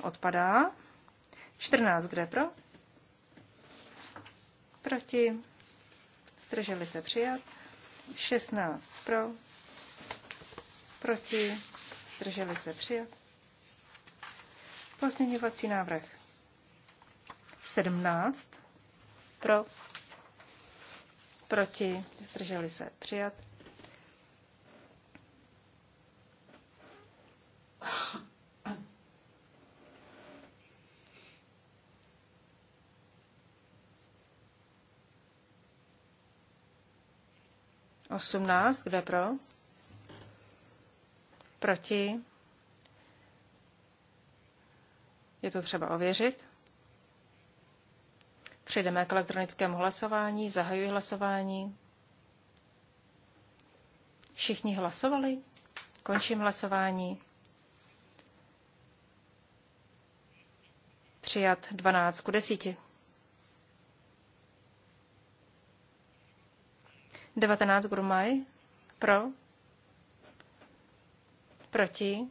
odpadá. 14, kde pro? Proti. Zdrželi se přijat. 16 pro. Proti. Zdrželi se přijat. Pozměňovací návrh. 17 pro. Proti. Zdrželi se přijat. 18, kde pro? Proti? Je to třeba ověřit. Přejdeme k elektronickému hlasování. Zahajuji hlasování. Všichni hlasovali? Končím hlasování. Přijat 12 ku 10. 19 Grumaj. Pro. Proti.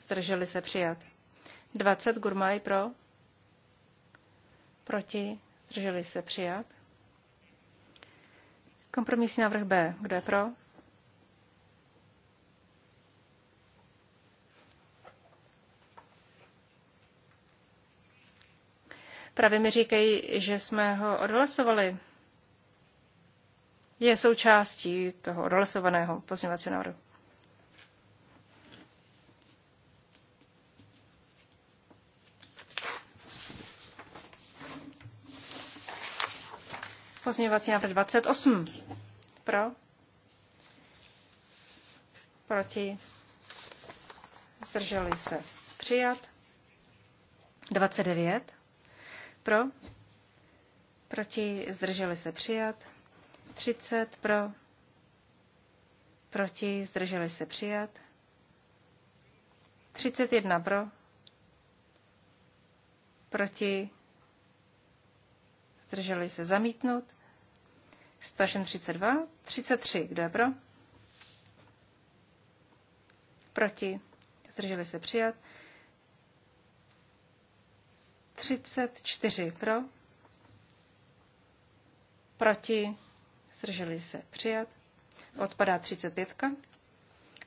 Zdrželi se přijat. 20 Gurmaj pro. Proti. Zdrželi se přijat. Kompromisní návrh B. Kdo je pro? Právě mi říkají, že jsme ho odhlasovali je součástí toho relosovaného pozměňovacího návrhu. Pozměňovací návrh 28. Pro? Proti? Zdrželi se. Přijat. 29. Pro? Proti? Zdrželi se. Přijat. 30 pro, proti, zdrželi se přijat. 31 pro, proti, zdrželi se zamítnout. 132, 33, kdo je pro? Proti, zdrželi se přijat. 34 pro, proti, zdrželi se přijat. Odpadá 35.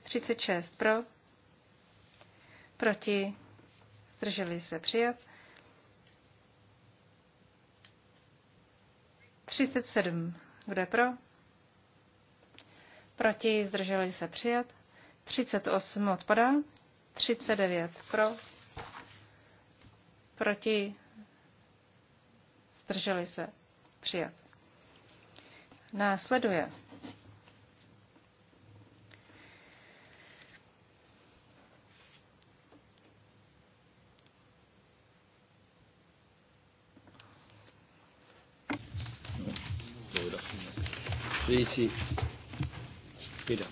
36 pro, proti, zdrželi se přijat. 37. Kdo je pro? Proti, zdrželi se přijat. 38 odpadá. 39 pro. Proti, zdrželi se přijat následuje. Sí, sí. Mira.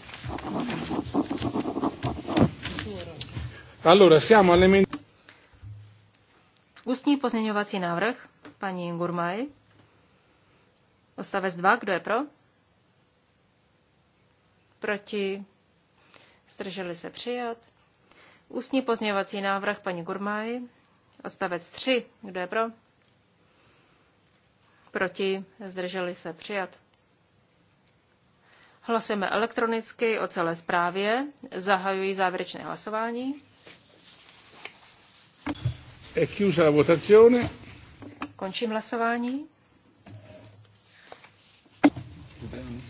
Allora, siamo all'emendamento. Ústní pozměňovací návrh, paní Gurmaj. Ostavec 2, kdo je pro? Proti? Zdrželi se přijat. Ústní pozměňovací návrh paní Gurmaj. Ostavec 3, kdo je pro? Proti? Zdrželi se přijat. Hlasujeme elektronicky o celé zprávě. Zahajuji závěrečné hlasování. È chiusa la votazione. Končím hlasování.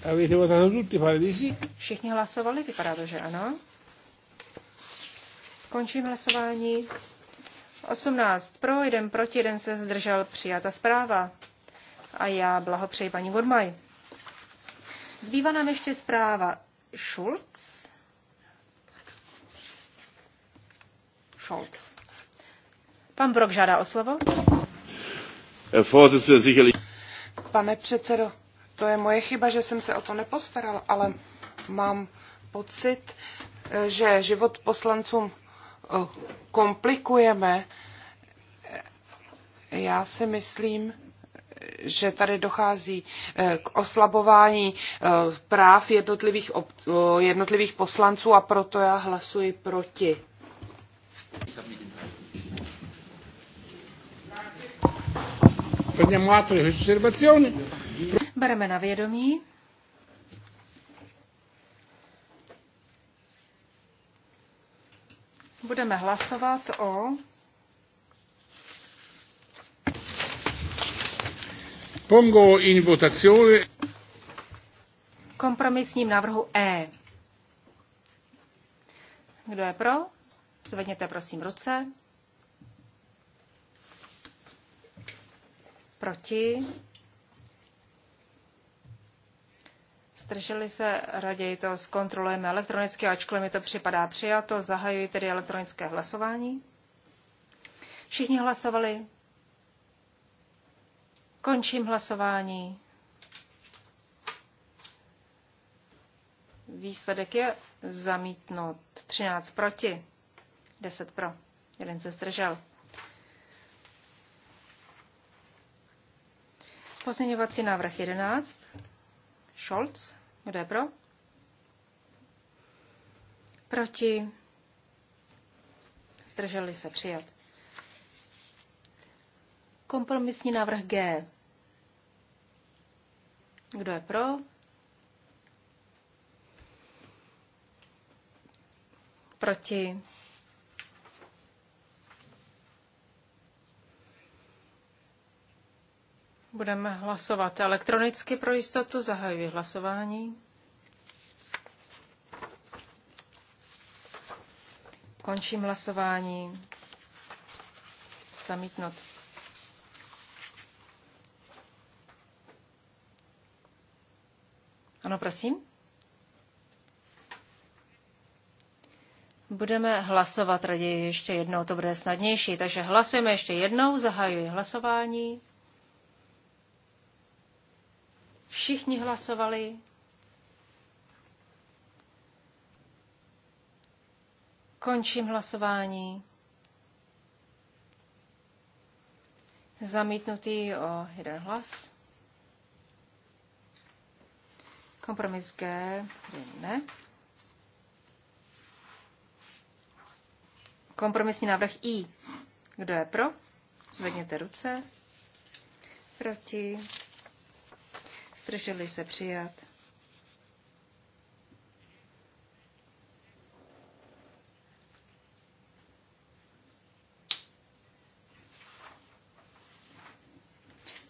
Avete votato tutti, pare di sì. Všichni hlasovali, vypadá to, že ano. Končím hlasování. 18 pro, jeden proti, jeden se zdržel přijata zpráva. A já blahopřeji paní Gurmaj. Zbývá nám ještě zpráva Schulz. Schulz. Pan Brok žádá o slovo. Pane předsedo, to je moje chyba, že jsem se o to nepostaral, ale mám pocit, eh, že život poslancům eh, komplikujeme. Eh, já si myslím, že tady dochází k oslabování práv jednotlivých, ob- jednotlivých poslanců a proto já hlasuji proti. Prendiamo atto delle queste osservazioni. Bereme na vědomí. Budeme hlasovat o Pongo in votazione kompromisním návrhu E. Kdo je pro? Zvedněte prosím ruce. Proti? zdrželi se, raději to zkontrolujeme elektronicky, ačkoliv mi to připadá přijato, zahajuji tedy elektronické hlasování. Všichni hlasovali. Končím hlasování. Výsledek je zamítnut. 13 proti, 10 pro, jeden se zdržel. Pozměňovací návrh 11. Scholz. Kdo je pro? Proti? Zdrželi se přijat. Kompromisní návrh G. Kdo je pro? Proti? Budeme hlasovat elektronicky pro jistotu. Zahajuji hlasování. Končím hlasování. Zamítnout. Ano, prosím. Budeme hlasovat raději ještě jednou, to bude snadnější. Takže hlasujeme ještě jednou, zahajuji hlasování. Všichni hlasovali. Končím hlasování. Zamítnutý o jeden hlas. Kompromis G ne. Kompromisní návrh I. Kdo je pro? Zvedněte ruce. Proti zdrželi se přijat.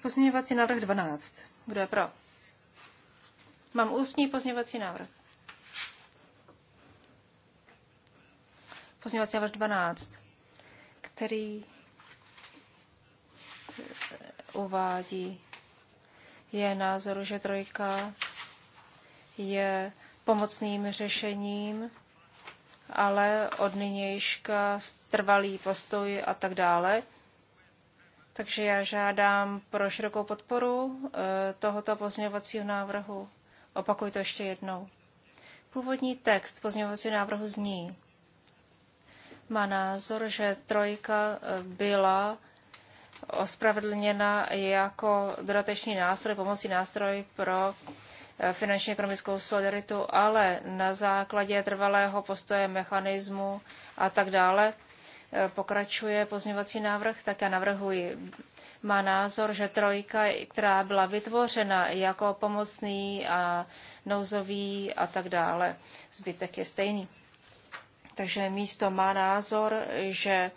Pozměňovací návrh 12. Kdo je pro? Mám ústní pozměňovací návrh. Pozměňovací návrh 12, který eh, uvádí je názoru, že trojka je pomocným řešením, ale od nynějška trvalý postoj a tak dále. Takže já žádám pro širokou podporu eh, tohoto pozměňovacího návrhu. Opakuji to ještě jednou. Původní text pozměňovacího návrhu zní. Má názor, že trojka eh, byla ospravedlněna jako dodatečný nástroj, pomocí nástroj pro eh, finančně ekonomickou solidaritu, ale na základě trvalého postoje mechanismu a tak dále eh, pokračuje pozměvací návrh, tak já navrhuji. Má názor, že trojka, která byla vytvořena jako pomocný a nouzový a tak dále, zbytek je stejný. Takže místo má názor, že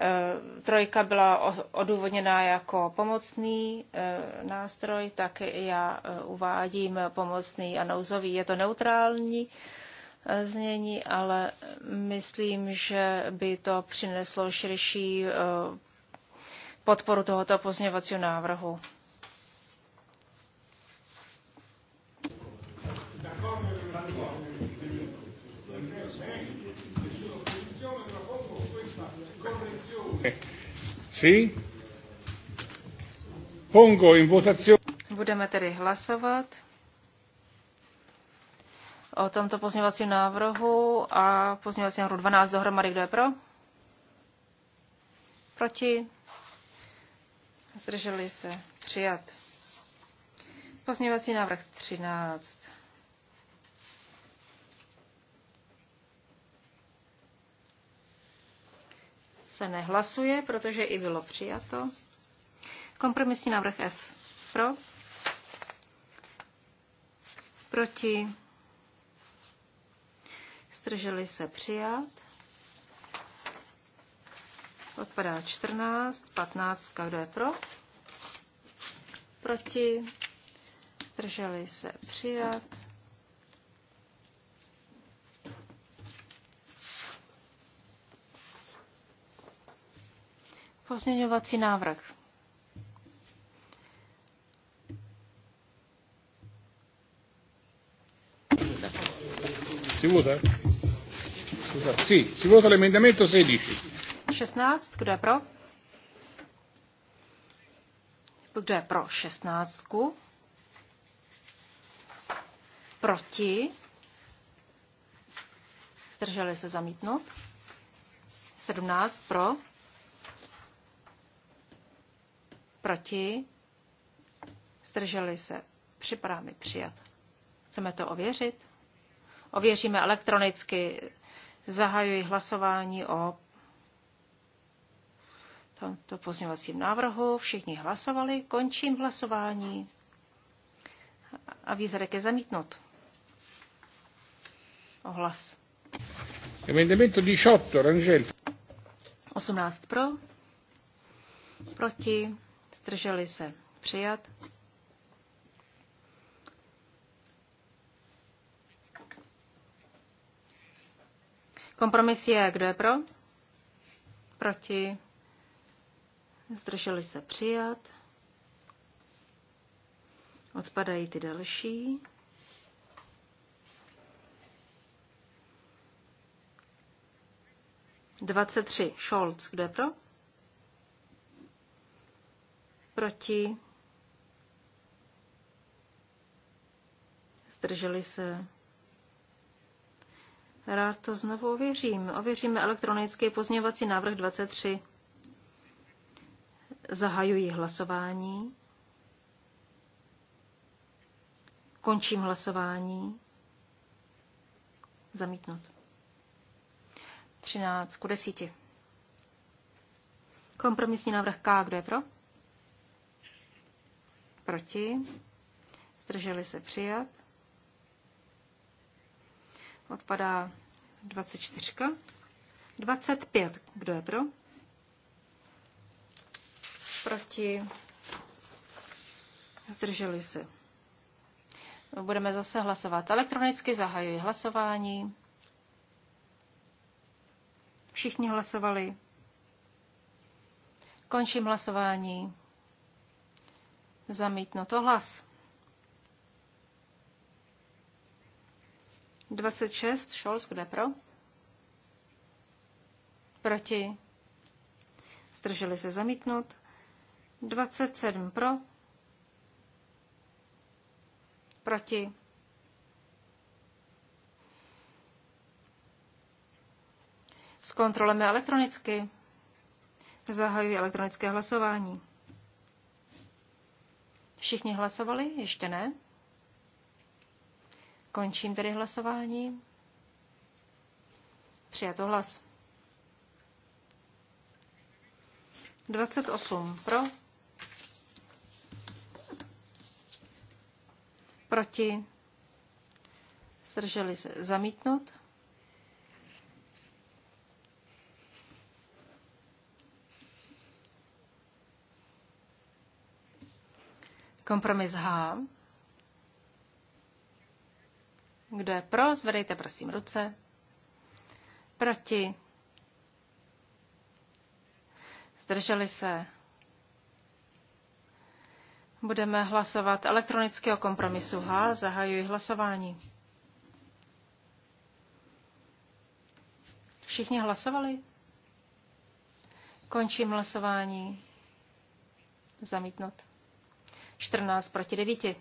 Eh, trojka byla odůvodněná jako pomocný eh, nástroj, tak já eh, uvádím pomocný a nouzový. Je to neutrální znění, ale myslím, že by to přineslo širší podporu tohoto pozměňovacího návrhu. Sí? Pongo in votazione. Budeme tedy hlasovat o tomto pozměňovacím návrhu a pozměňovacím návrhu 12 dohromady. Kdo je pro? Proti? Zdrželi se. Přijat. Pozměňovací návrh 13. se nehlasuje, protože i bylo přijato. Kompromisní návrh F. Pro. Proti. Strželi se přijat. Odpadá 14, 15, kdo je pro? Proti. Strželi se přijat. Pozměňovací návrh. Si vota? Scusa, sì, si vota l'emendamento 16. 16, kdo je pro? Kdo je pro 16? Proti? Zdrželi se zamítnout? 17 pro? Proti? Zdrželi se. Připadá přijat. Chceme to ověřit? Ověříme elektronicky. Zahajuji hlasování o tomto pozněvacím návrhu. Všichni hlasovali. Končím hlasování. A výsledek je zamítnut. Ohlas. Emendamento 18, Rangel. 18 pro, proti, Zdrželi se. Přijat. Kompromis je, kdo je pro? Proti? Zdrželi se přijat. Odpadají ty další. Dvacet tři. Scholz, kdo je pro? proti, zdrželi se. Rád to znovu ověřím. Ověříme elektronický pozměňovací návrh 23. Zahajuji hlasování. Končím hlasování. Zamítnut. 13 k 10. Kompromisní návrh K. Kdo je pro? Proti? Zdrželi se přijat. Odpadá 24. 25. Kdo je pro? Proti? Zdrželi se. Budeme zase hlasovat elektronicky. Zahajuji hlasování. Všichni hlasovali. Končím hlasování. Zamítnuto hlas. 26, Scholz, kde pro? Proti. Zdrželi se zamítnout. 27 pro. Proti. Zkontrolujeme elektronicky. Zahajuji elektronické hlasování. Všichni hlasovali? Ještě ne? Končím tedy hlasování. Přijato hlas. 28 pro. Proti. Zdrželi se zamítnout. Kompromis H. Kdo je pro, zvedejte prosím ruce. Proti. Zdrželi se. Budeme hlasovat elektronického kompromisu H. Zahajuji hlasování. Všichni hlasovali? Končím hlasování. Zamítnout. 14 proti 9.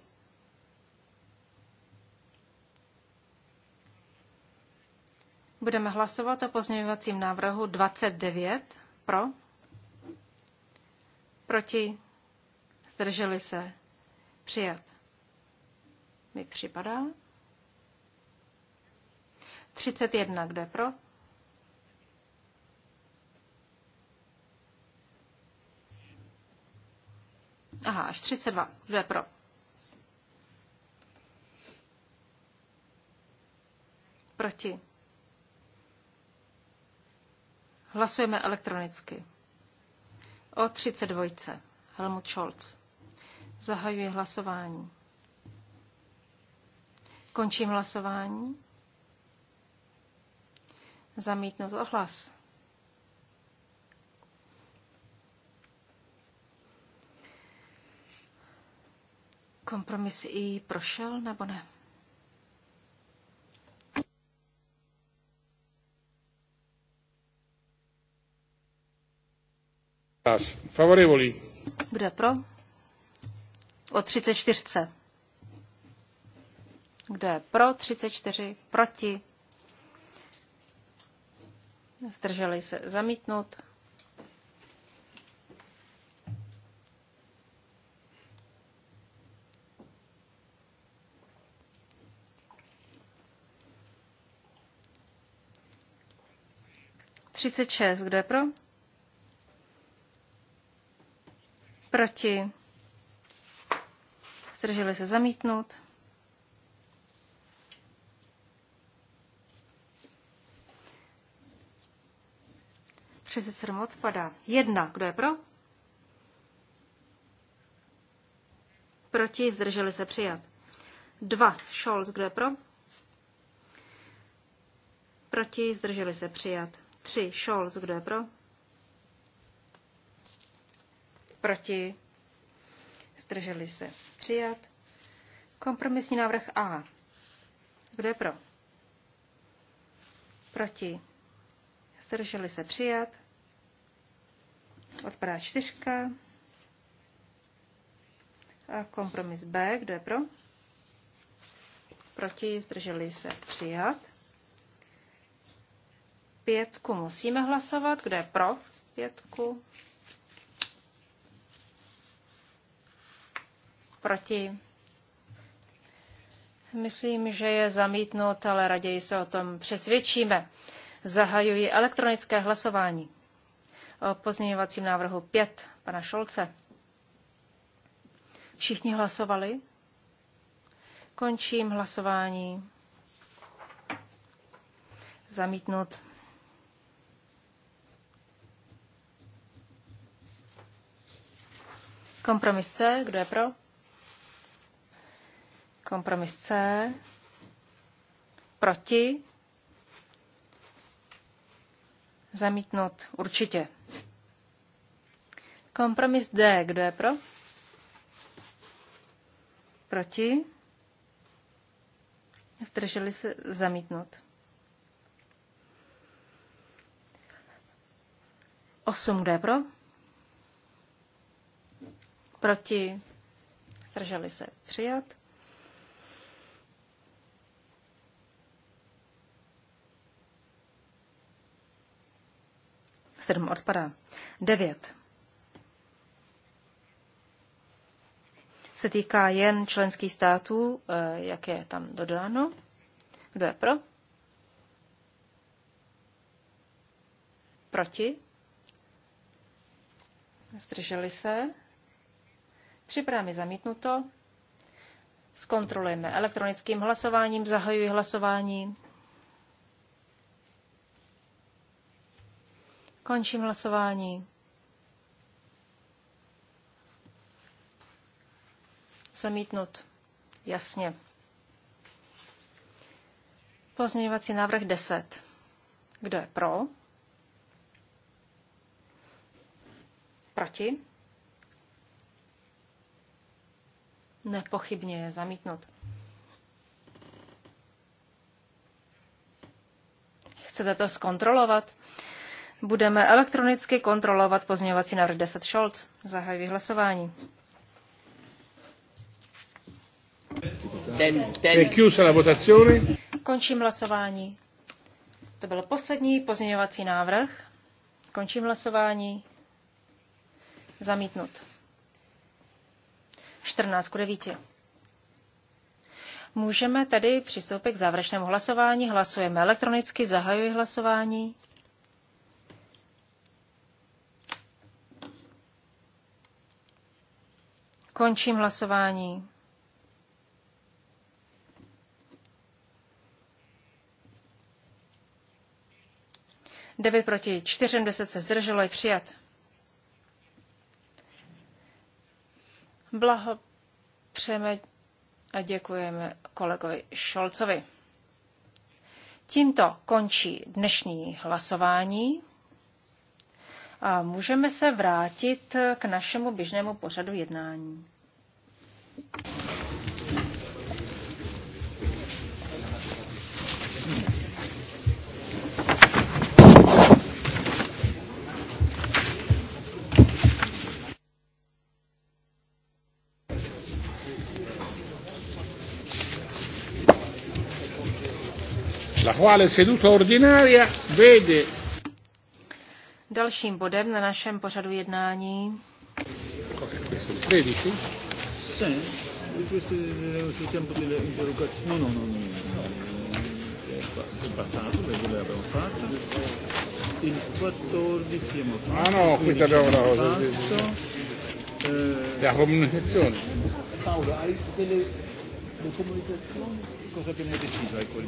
Budeme hlasovat o pozměňovacím návrhu 29 pro, proti, zdrželi se, přijat. Mi připadá. 31, kde pro? Aha, až 32. Kdo je pro? Proti. Hlasujeme elektronicky. O 32. Helmut Scholz. Zahajuji hlasování. Končím hlasování. Zamítnout ohlas. Kompromis i prošel nebo ne? Favorevoli. Kdo pro? O 34. Kdo je pro 34? Proti? Zdrželi se zamítnout. 36. Kdo je pro? Proti? Zdrželi se zamítnout? Třicet odpadá. Jedna. Kdo je pro? Proti zdrželi se přijat. Dva. Scholz. Kdo je pro? Proti zdrželi se přijat. 3. Scholz, kdo je pro? Proti? Zdrželi se. Přijat. Kompromisní návrh A. Kdo je pro? Proti? Zdrželi se. Přijat. Odpadá čtyřka. A kompromis B. Kdo je pro? Proti? Zdrželi se. Přijat pětku musíme hlasovat. Kdo je pro pětku? Proti? Myslím, že je zamítnut, ale raději se o tom přesvědčíme. Zahajuji elektronické hlasování o pozměňovacím návrhu 5 pana Šolce. Všichni hlasovali? Končím hlasování. Zamítnut. Kompromis C, kdo je pro? Kompromis C. Proti? Zamítnout určitě. Kompromis D, kdo je pro? Proti? Zdrželi se zamítnout. 8, kdo je pro? proti, zdrželi se přijat. Sedm odpadá. Devět. Se týká jen členských států, eh, jak je tam dodáno. Kdo je pro? Proti? Zdrželi se? Připravíme zamítnuto. Zkontrolujeme elektronickým hlasováním. Zahajuji hlasování. Končím hlasování. Zamítnut. Jasně. Pozměňovací návrh 10. Kdo je pro? Proti? Nepochybně je zamítnut. Chcete to zkontrolovat? Budeme elektronicky kontrolovat pozměňovací návrh 10 Scholz. Zahajuji hlasování. Končím hlasování. To byl poslední pozměňovací návrh. Končím hlasování. Zamítnut. 14 k 9. Můžeme tedy přistoupit k závěrečnému hlasování. Hlasujeme elektronicky, zahajuji hlasování. Končím hlasování. Devět proti čtyřem, deset se zdrželo, je přijat. Blaho, přejeme a děkujeme kolegovi Šolcovi. Tímto končí dnešní hlasování a můžeme se vrátit k našemu běžnému pořadu jednání. quale seduta ordinaria vede. Dalším bodem na našem pořadu jednání. Ano, eh, No, no, no, no. no, no, no ah no, eh, la comunicazione. Paolo, hai delle le comunicazioni? cosa deciso ecco, il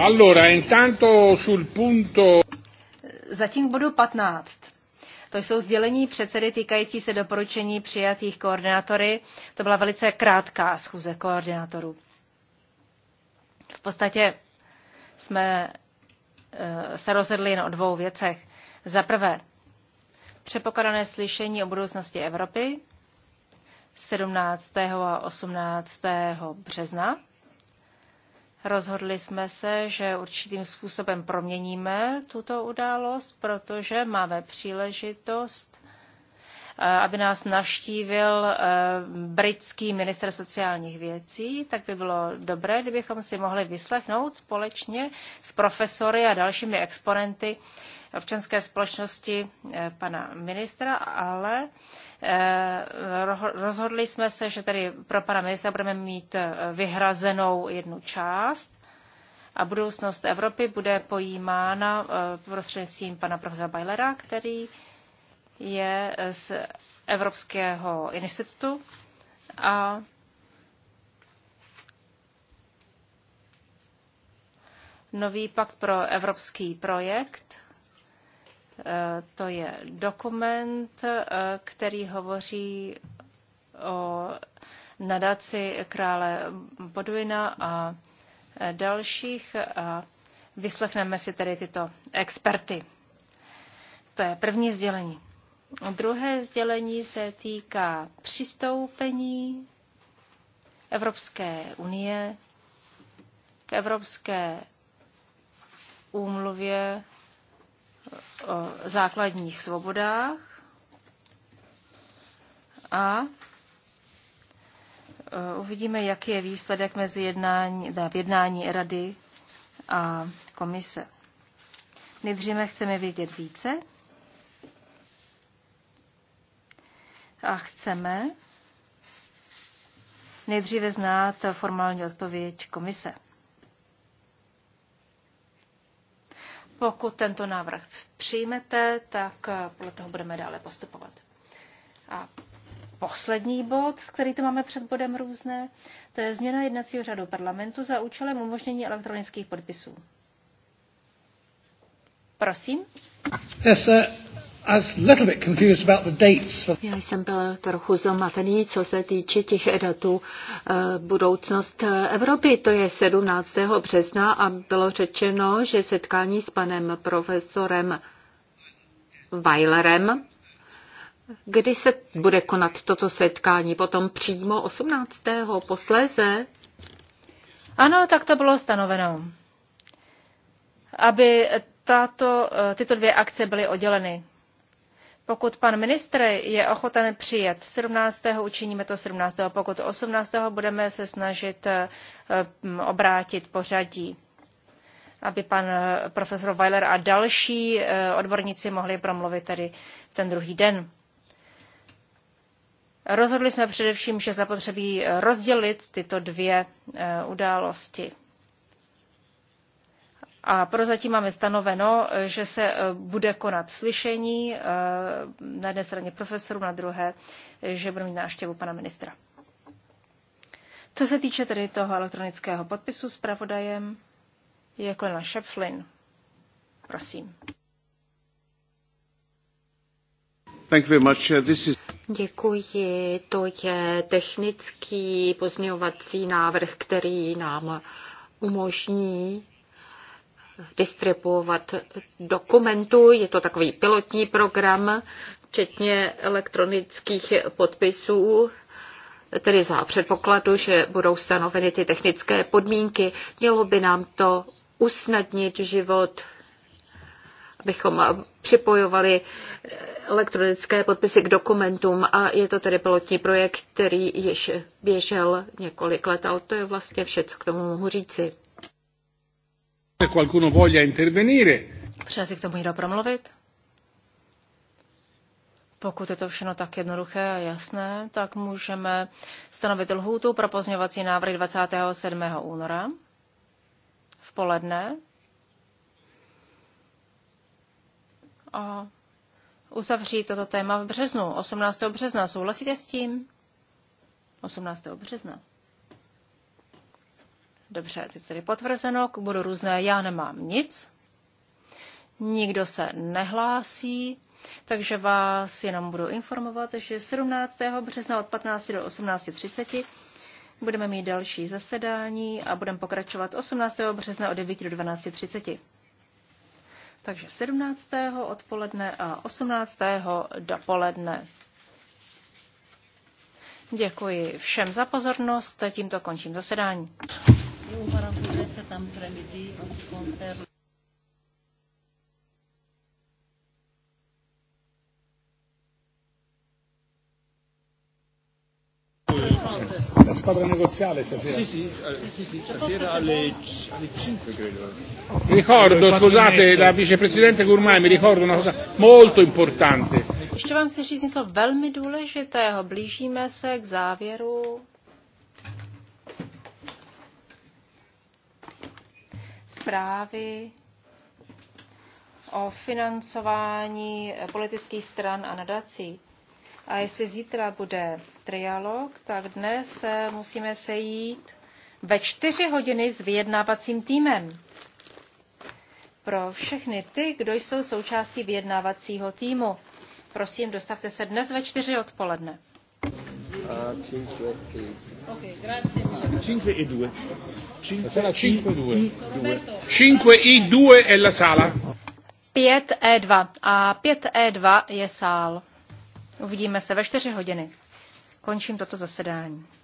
Allora, intanto sul punto... Zatím k bodu 15. To jsou sdělení předsedy týkající se doporučení přijatých koordinátory. To byla velice krátká schůze koordinátorů. V podstatě jsme eh, se rozhodli jen o dvou věcech. Za prvé, přepokladané slyšení o budoucnosti Evropy 17. a 18. března Rozhodli jsme se, že určitým způsobem proměníme tuto událost, protože máme příležitost, eh, aby nás navštívil eh, britský minister sociálních věcí, tak by bylo dobré, kdybychom si mohli vyslechnout společně s profesory a dalšími exponenty občanské společnosti eh, pana ministra, ale eh, rozhodli jsme se, že tady pro pana ministra budeme mít eh, vyhrazenou jednu část a budoucnost Evropy bude pojímána prostřednictvím pana profesora Bajlera, který je z Evropského institutu a nový pakt pro evropský projekt Eh, to je dokument, eh, který hovoří o nadaci krále Bodvina a dalších. A vyslechneme si tedy tyto experty. To je první sdělení. Druhé sdělení se týká přistoupení Evropské unie k Evropské úmluvě o základních svobodách a e, uvidíme, jaký je výsledek mezi jednání, v jednání rady a komise. Nejdříve chceme vědět více a chceme nejdříve znát formální odpověď komise. Pokud tento návrh přijmete, tak eh, podle toho budeme dále postupovat. A poslední bod, který tu máme před bodem různé, to je změna jednacího řádu parlamentu za účelem umožnění elektronických podpisů. Prosím. Yes, já jsem byl trochu zamatený, co se týče těch datů eh, budoucnost eh, Evropy. To je 17. března a bylo řečeno, že setkání s panem profesorem Weilerem, kdy se bude konat toto setkání, potom přímo 18. posléze? Ano, tak to bylo stanoveno. Aby tato, eh, tyto dvě akce byly odděleny. Pokud pan ministr je ochoten přijet 17. učiníme to 17. Pokud 18. budeme se snažit eh, obrátit pořadí, aby pan eh, profesor Weiler a další eh, odborníci mohli promluvit tedy ten druhý den. Rozhodli jsme především, že zapotřebí rozdělit tyto dvě události. A prozatím máme stanoveno, že se eh, bude konat slyšení eh, na jedné straně profesorů, na druhé, že budeme mít návštěvu pana ministra. Co se týče tedy toho elektronického podpisu s pravodajem, je Klena Šepflin. Prosím. Thank you very much. Uh, this is... Děkuji. To je technický pozměňovací návrh, který nám umožní distribuovat dokumentů. Je to takový pilotní program, včetně elektronických podpisů, tedy za předpokladu, že budou stanoveny ty technické podmínky. Mělo by nám to usnadnit život, abychom připojovali elektronické podpisy k dokumentům a je to tedy pilotní projekt, který již běžel několik let, ale to je vlastně vše, co k tomu mohu říci qualcuno voglia intervenire. Přeje si k tomu někdo promluvit? Pokud je to všechno tak jednoduché a jasné, tak můžeme stanovit lhůtu pro pozměňovací návrh 27. února v poledne. A uzavřít toto téma v březnu, 18. března. Souhlasíte s tím? 18. března. Dobře, teď tedy potvrzeno, k bodu různé já nemám nic. Nikdo se nehlásí, takže vás jenom budu informovat, že 17. března od 15 do 18.30 budeme mít další zasedání a budeme pokračovat 18. března od 9 do 12.30. Takže 17. odpoledne a 18. dopoledne. Děkuji všem za pozornost, tímto končím zasedání. La squadra negoziale stasera? Sì, sì, eh, sì, sì stasera alle, alle 5 credo. Ricordo, e scusate, la vicepresidente Gourmai mi ricordo una cosa molto importante. Ještě vám chci říct něco velmi důležitého. Blížíme se k závěru zprávy o financování politických stran a nadací. A jestli zítra bude trialog, tak dnes se eh, musíme sejít ve čtyři hodiny s vyjednávacím týmem. Pro všechny ty, kdo jsou součástí vyjednávacího týmu, prosím, dostavte se dnes ve čtyři odpoledne. 5 e 2. 5 2. 5 2 è la sala. 5 e 2 a 5 e 2 je sál. Uvidíme se ve 4 hodiny. Končím toto zasedání.